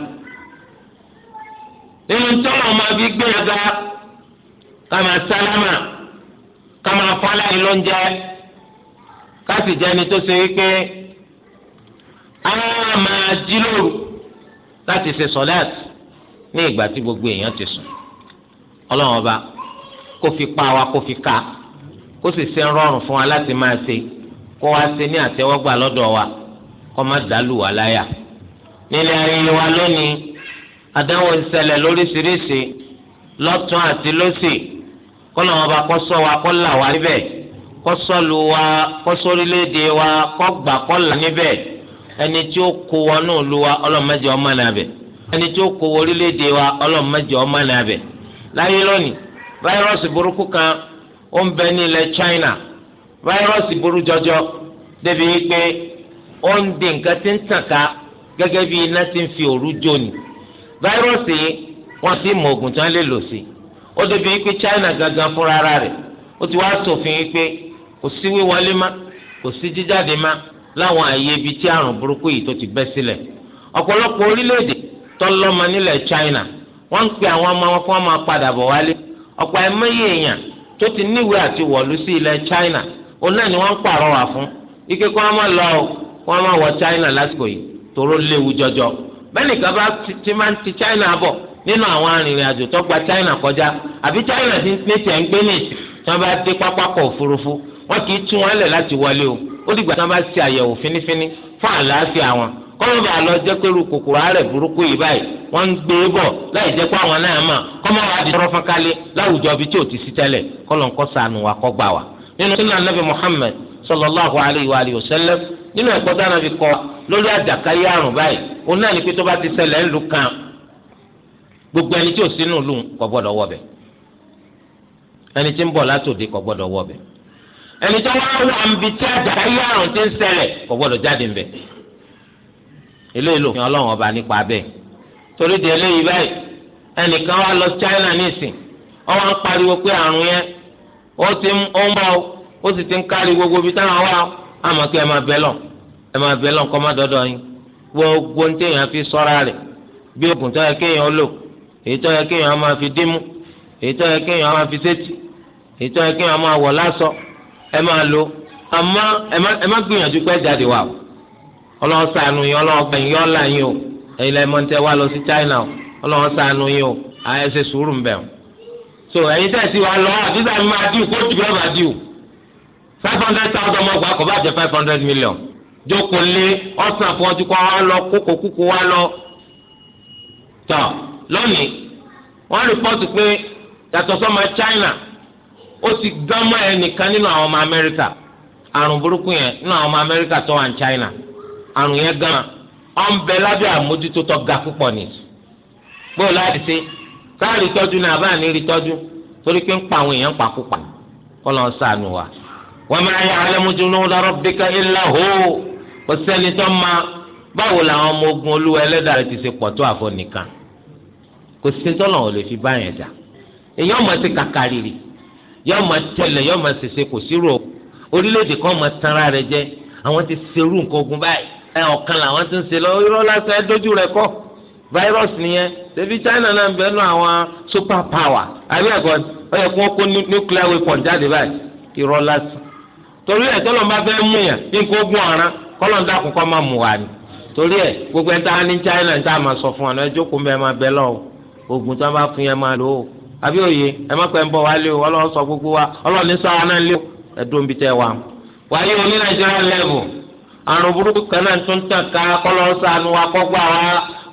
إن ترى ما بيك بيها كما سلامة كما فلا إلونجا كاسي جاني تسويكي á máa jí lóru láti ṣe sọlẹ́t ní ìgbà tí gbogbo èèyàn ti sùn ọlọ́run ọba kó fi pa wa kó fi ka kó sì ṣe rọrùn fún wa láti máa ṣe kó wa ṣe ní àtẹ́wọ́gbà lọ́dọ̀ wa kó má dàlù wá láyà nílẹ̀ ayé wa lónìí àdánwò ìṣẹ̀lẹ̀ lóríṣiríṣi lọ́tún àti lọ́sì kọ́nà wọn bá kọ́ sọ wa kọ́ là wá níbẹ̀ kọ́ sọ́lu wa kọ́ sórílẹ̀-èdè wa kọ́ gbà kọ́ là níbẹ̀. ẹni tí ó kó wa ọlọ́mọdé ọmọ náà bẹ̀ ẹni tí ó kó orílẹ̀-èdè wa ọlọ́mọdé ọmọ náà bẹ̀ láyé lónìí fáírọ́ọ̀sì burúkú kan ó ń bẹ ní ilẹ̀ China fáírọ́ọ̀sì burú jọjọ débi pé ó ń di nǹkan tí ń tàn ká gẹ́gẹ́ bí iná ti ń fi òru jó ni fáírọ́ọ̀sì yìí mọ tí lè lò sí ó débi pé China gangan fúnra ó ti wá láwọn àyè ibi tí àrùn burúkú yìí tó ti bẹ́ sílẹ̀ ọ̀pọ̀lọpọ̀ orílẹ̀-èdè tọ́lọ́mọ nílẹ̀ China wọ́n ń pe àwọn ọmọ wọn wọ́n máa padà bọ̀ wálé ọ̀pọ̀ ẹ̀mẹ́yẹ èèyàn tó ti níwèé àti wọ̀lú sí ilẹ̀ China òun ni wọ́n ń pàrọwà fún ike máa lọ lásìkò yìí tòró léwu jọjọ bá ti ó dìgbà tí si bá ṣe àyẹ̀wò fínífíní fún àlàáfíà wọn kọ́mọ́ bá lọ jẹ́ pé kòkòrò àárẹ̀ burúkú yìí báyìí wọ́n ń gbé bọ̀ láì jẹ́ pé àwọn náà kọ́mọ́ wa di tọrọ fọ́nkálé láwùjọ bíi tí ò ti sí tẹ́lẹ̀ kọ́lọ̀ ń kọ́ sànù wa kọ́ gbà wá. nínú sínú anabi Muhammad sallallahu alayhi wa sallam nínú ẹ̀kọ́ tí anabi lórí gbogbo ẹni tí ò sínú lù ẹni tí ẹni tó wá wà ahụ tí àjàkáyé àrùn ti ń kò jáde ńbẹ̀ eléyìí lòfin ọlọ́run ọba nípa abẹ torí di eléyìí báyìí ẹnìkan wá lọ China nísìn ọwọ́ ń pariwo pé àrùn yẹn ó ti ń ó ń ti ń kárí gbogbo ibi táwọn wà kí ẹ máa bẹ lọ ẹ máa bẹ lọ má yín gbogbo ní téèyàn fi ẹ máa lo àmọ́ ẹ má gbìyànjú pé jáde wà o ọlọ́wọ́ sànù yín ọlọ́wọ́ o ẹ̀yin lẹ́yìn lọ sí China o ọlọ́wọ́ sànù yín o so ẹ̀yin tẹ̀sí wa lọ àdúrà mi máa dì o kó jùlọ máa dì o five hundred thousand ọmọ ọgbà kò bá jẹ five hundred million jókòó lé ọ̀sán fún ọtí kọ́ wa lọ ó ti gbámọ́ ẹnìkan nínú àwọn ọmọ amẹ́ríkà àrùn burúkú yẹn nínú àwọn ọmọ amẹ́ríkà tó wà ní china àrùn yẹn gánà ó bẹ lábẹ́ àmójútó tó ga púpọ̀ ni bóò láti ṣe káàrí tọ́jú ní abáàní rí tọ́jú torí pé ń pa àwọn èèyàn pàkópa kọ́ lọ́n sànù wa. sẹ́ni tó báwo làwọn ogun olúwa ẹlẹ́dàá rẹ ti ṣe pọ̀ tó àfọ nìkan kò sí tọ́lọ̀ yóò máa tẹ̀lé yóò máa ṣèṣe kò sírò orílẹ̀-èdè kan máa tanra rẹ jẹ àwọn ti ṣerú nǹkan ogun báyìí ẹ ọ̀kan làwọn ti ń ṣe lọ irọ́ lásán ẹ dójú rẹ kọ́ virus nìyẹn China náà ń bẹ àwọn super power àbí ẹ̀kọ́ ọ kó nuclear weapon jáde báyìí irọ́ lásán torí ẹ̀ tọ́lọ́ bá fẹ́ mú yàn nǹkan ogun ọ̀ràn kọ́lọ́ dákun gbogbo ẹ̀ tá a ní a máa sọ fún ọ àbí òye ẹ má pẹ́ ń bọ̀ wálé o ọlọ́run sọ gbogbo wa ọlọ́run ní sọ àwọn náà lé o ẹ̀dùn bíi tẹ́ wa. wáyé o ní nàìjíríà lẹ́vù àrùn burúkú kan náà tún tàn ká kọ́lọ́ sànù wa kọ́gbà wa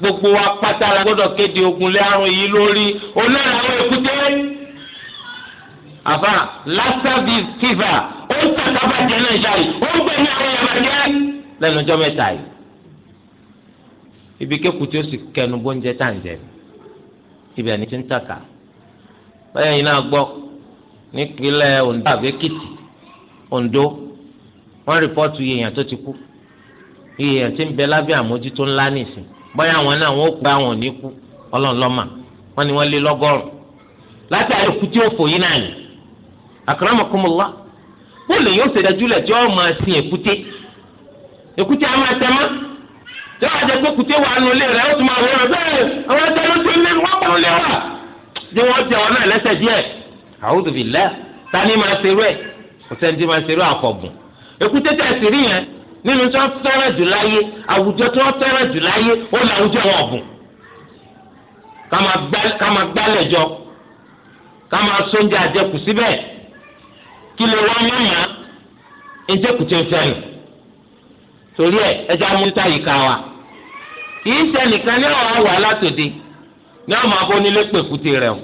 gbogbo wa pátá la gbọ́dọ̀ kéde ogun lé àrùn yìí lórí onáà èkúté. àbá lassa fever ó ń tàn kábàjẹ́ náà ṣáì ó ń gbẹ̀mí àwọn yàrá lẹ́nu ọjọ́ mẹ́ta yìí ibi kékùté ó sì kẹnu bóúnjẹ tá à ibẹ̀ ni ti ń tàkà báyìí ẹ̀yin náà gbọ́ nípínlẹ̀ Ondo àbẹ́kìtì Ondo wọ́n rìpọ́tù iye èèyàn tó ti kú iye èèyàn tí ń bẹ lábẹ́ àmójútó ńlá nìsín báyìí àwọn náà wọ́n àwọn ò ní kú ọlọ́run wọn wọ́n wọ́n lé tí ó fò yín náà yìí lè yóò tí máa sin èkúté èkúté tí jẹ́ pé èkúté wà rẹ̀ ó tún máa jẹ́ wọ́n tẹ ọ náà lẹ́sẹ̀ díẹ̀ àwùjọ bíi lẹ́ tani máa ṣerú ẹ̀ kò sẹ́ni tí máa ṣerú àkọ́gùn èkúté tẹ̀ sí rí yẹn nínú tí wọ́n fẹ́ràn jù láyé àwùjọ tí jù láyé ó lọ àwùjọ wọn jọ wa kì í ṣe nìkan ní ọ̀rọ̀ ní ọmọ abọ́ nílé pèkúté rẹ̀ o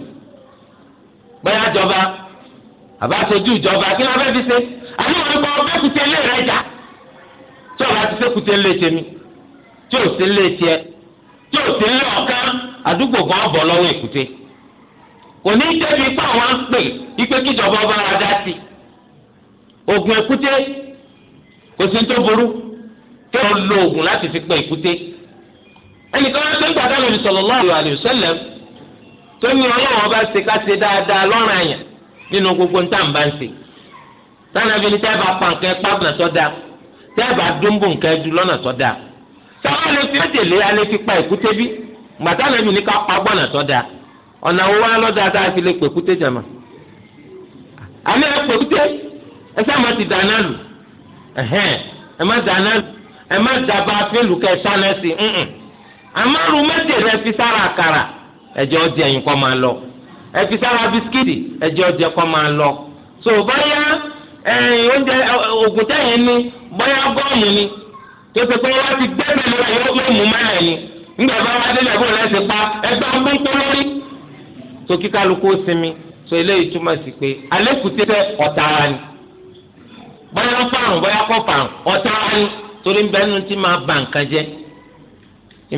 bẹ́ẹ̀ àjọba àbá sojú ìjọba kí ló fẹ́ fi ṣe àbí wọn kọ́ ọbẹ̀ kúté lé rẹ̀ jà tí ọba ti ṣe kúté lé tèmi tí ò sí lé tiẹ̀ tí ò sí lé ọ̀kan àdúgbò kan ọ̀bọ̀ lọ́wọ́ èkúté kò ní í débi pé àwọn ń pè ipe kíjọba ọba ara dá sí oògùn èkúté kò sí ní tó burú kí wọ́n lo oògùn láti fi pè èkúté. ẹnìkan wọn pẹ́ńpà dáná ní sallallahu alaihi wasallam tó ní ọlọ́wọ́ bá ṣe ká ṣe dáadáa lọ́rùn àyàn nínú gbogbo ń tàn bá ń ṣe tánà bí ní tẹ́ẹ̀bà pa nǹkan ẹ̀pá ọ̀nà sọ́dà tẹ́ẹ̀bà dúnbù nǹkan ẹ̀dú lọ́nà sọ́dà táwọn alẹ́ fi mẹ́tẹ̀lé alẹ́ fi pa èkúté bí gbàtà lẹ́bi ní ká pa ọgbọ́nà sọ́dà ọ̀nà lọ́dà tá a fi lè pèkúté ẹ má àmàlù mẹ́tẹ̀ rẹ fi sára àkàrà ẹ̀jẹ̀ ọdẹ ẹ̀yìn kọ́ máa lọ ẹ sára bisikíìtì ẹ̀jẹ̀ ọdẹ lọ so báyà ẹ̀yìn oúnjẹ ògùn tẹ̀yìn ni báyà gọ́ọ̀mù ni tó pé ti gbẹ́bẹ̀ lọ yóò mú ni ńgbà bá wá délẹ̀ bó lẹ́sẹ̀ pa ẹgbẹ́ ọgbọ́n lórí so kíkálukú sinmi so eléyìí túmọ̀ sí pé alẹ́kùté tẹ ọ̀tara ni báyà fáwọn fáwọn ọ̀tara ni torí bẹ́ẹ̀ ti máa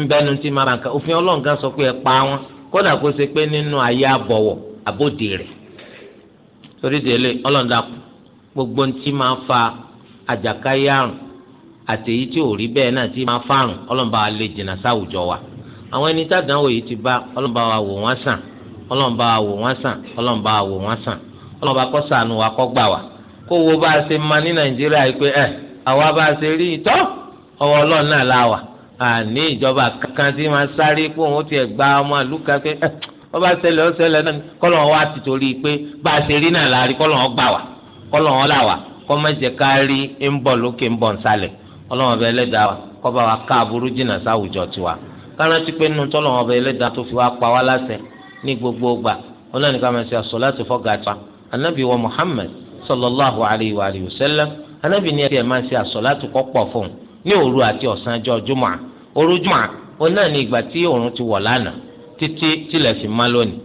ńbẹ́nu ti mara ra nǹkan òfin ọlọ́run sọ pé ẹ pa wọn kódà kó ṣe pé nínú ayé àbọ̀wọ̀ àbòdì rẹ̀ torí délé gbogbo máa fa àjàkáyé àrùn àtẹ̀yí tí ò rí bẹ́ẹ̀ náà tí máa fárùn ọlọ́run bá wa lè jìnnà sáwùjọ wa àwọn ẹni ti bá ọlọ́run wa wò wọ́n sàn wa wò wọ́n sàn wa wò wo bá a ṣe máa ní nàìjíríà yìí pé ẹ àwa bá a ṣe rí ìtọ́ ọwọ́ ọlọ́run náà la àní ìjọba kankan tí ma sáré pé òun ti gba ọmọ àlùkà pé eh, bá ó náà wọn wá ti torí pé bá a ṣe rí náà láàrin kọ́lọ̀ wọn gbà wá kọ́lọ̀ wọn là wá kọ́ má jẹ́ ká rí ń bọ̀ lókè ń bọ̀ ń sálẹ̀ ọlọ́wọ́n bẹ ẹlẹ́dàá wa kọ́ bá wa ká aburú jìnnà sáwùjọ tiwa pé nínú bẹ tó fi wá pa gbogbo gbà ká máa ṣe anábì sallallahu alayhi wa sallam anábì ní òru àti ọ̀sán ọjọ́ jùmọ̀ òru jùmọ̀ ó náà ní ìgbà tí òòrùn ti wọ̀ lánàá títí tilẹ̀ fi má lónìí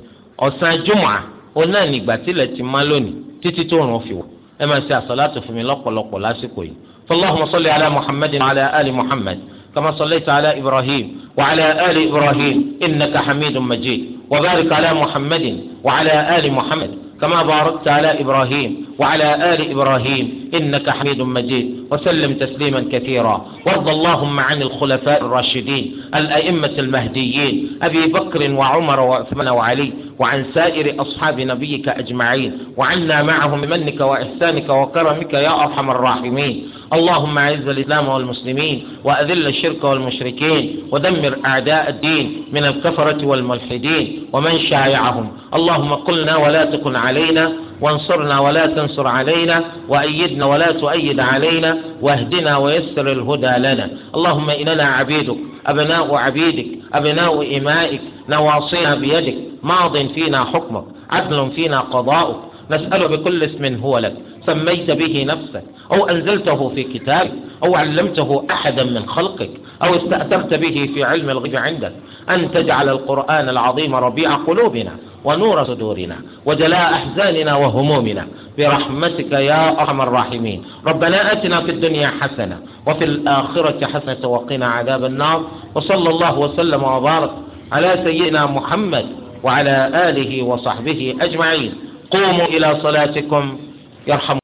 ọ̀sán jùmọ̀ ó náà ní ìgbà tilẹ̀ ti má lónìí títí tó òòrùn fi wọ̀ ẹ máa ṣe àsàlátù fún mi lọ́pọ̀lọpọ̀ lásìkò yìí fallahumma salli ala muhammadin wa ala ali muhammad kama sallaita ala ibrahim wa ala ali ibrahim innaka hamidun majid wa barik ala muhammadin wa ala ali muhammad kama barakta ala ibrahim وعلى آل إبراهيم إنك حميد مجيد وسلم تسليما كثيرا وارض اللهم عن الخلفاء الراشدين الأئمة المهديين أبي بكر وعمر وعثمان وعلي وعن سائر أصحاب نبيك أجمعين وعنا معهم بمنك وإحسانك وكرمك يا أرحم الراحمين اللهم أعز الإسلام والمسلمين وأذل الشرك والمشركين ودمر أعداء الدين من الكفرة والملحدين ومن شايعهم اللهم قلنا ولا تكن علينا وانصرنا ولا تنصر علينا وأيدنا ولا تؤيد علينا واهدنا ويسر الهدى لنا اللهم إننا عبيدك أبناء عبيدك أبناء إمائك نواصينا بيدك ماض فينا حكمك عدل فينا قضاؤك نسأل بكل اسم هو لك سميت به نفسك أو أنزلته في كتابك أو علمته أحدا من خلقك أو استأثرت به في علم الغيب عندك أن تجعل القرآن العظيم ربيع قلوبنا ونور صدورنا وجلاء أحزاننا وهمومنا برحمتك يا أرحم الراحمين ربنا أتنا في الدنيا حسنة وفي الآخرة حسنة وقنا عذاب النار وصلى الله وسلم وبارك على سيدنا محمد وعلى آله وصحبه أجمعين قوموا إلى صلاتكم يرحم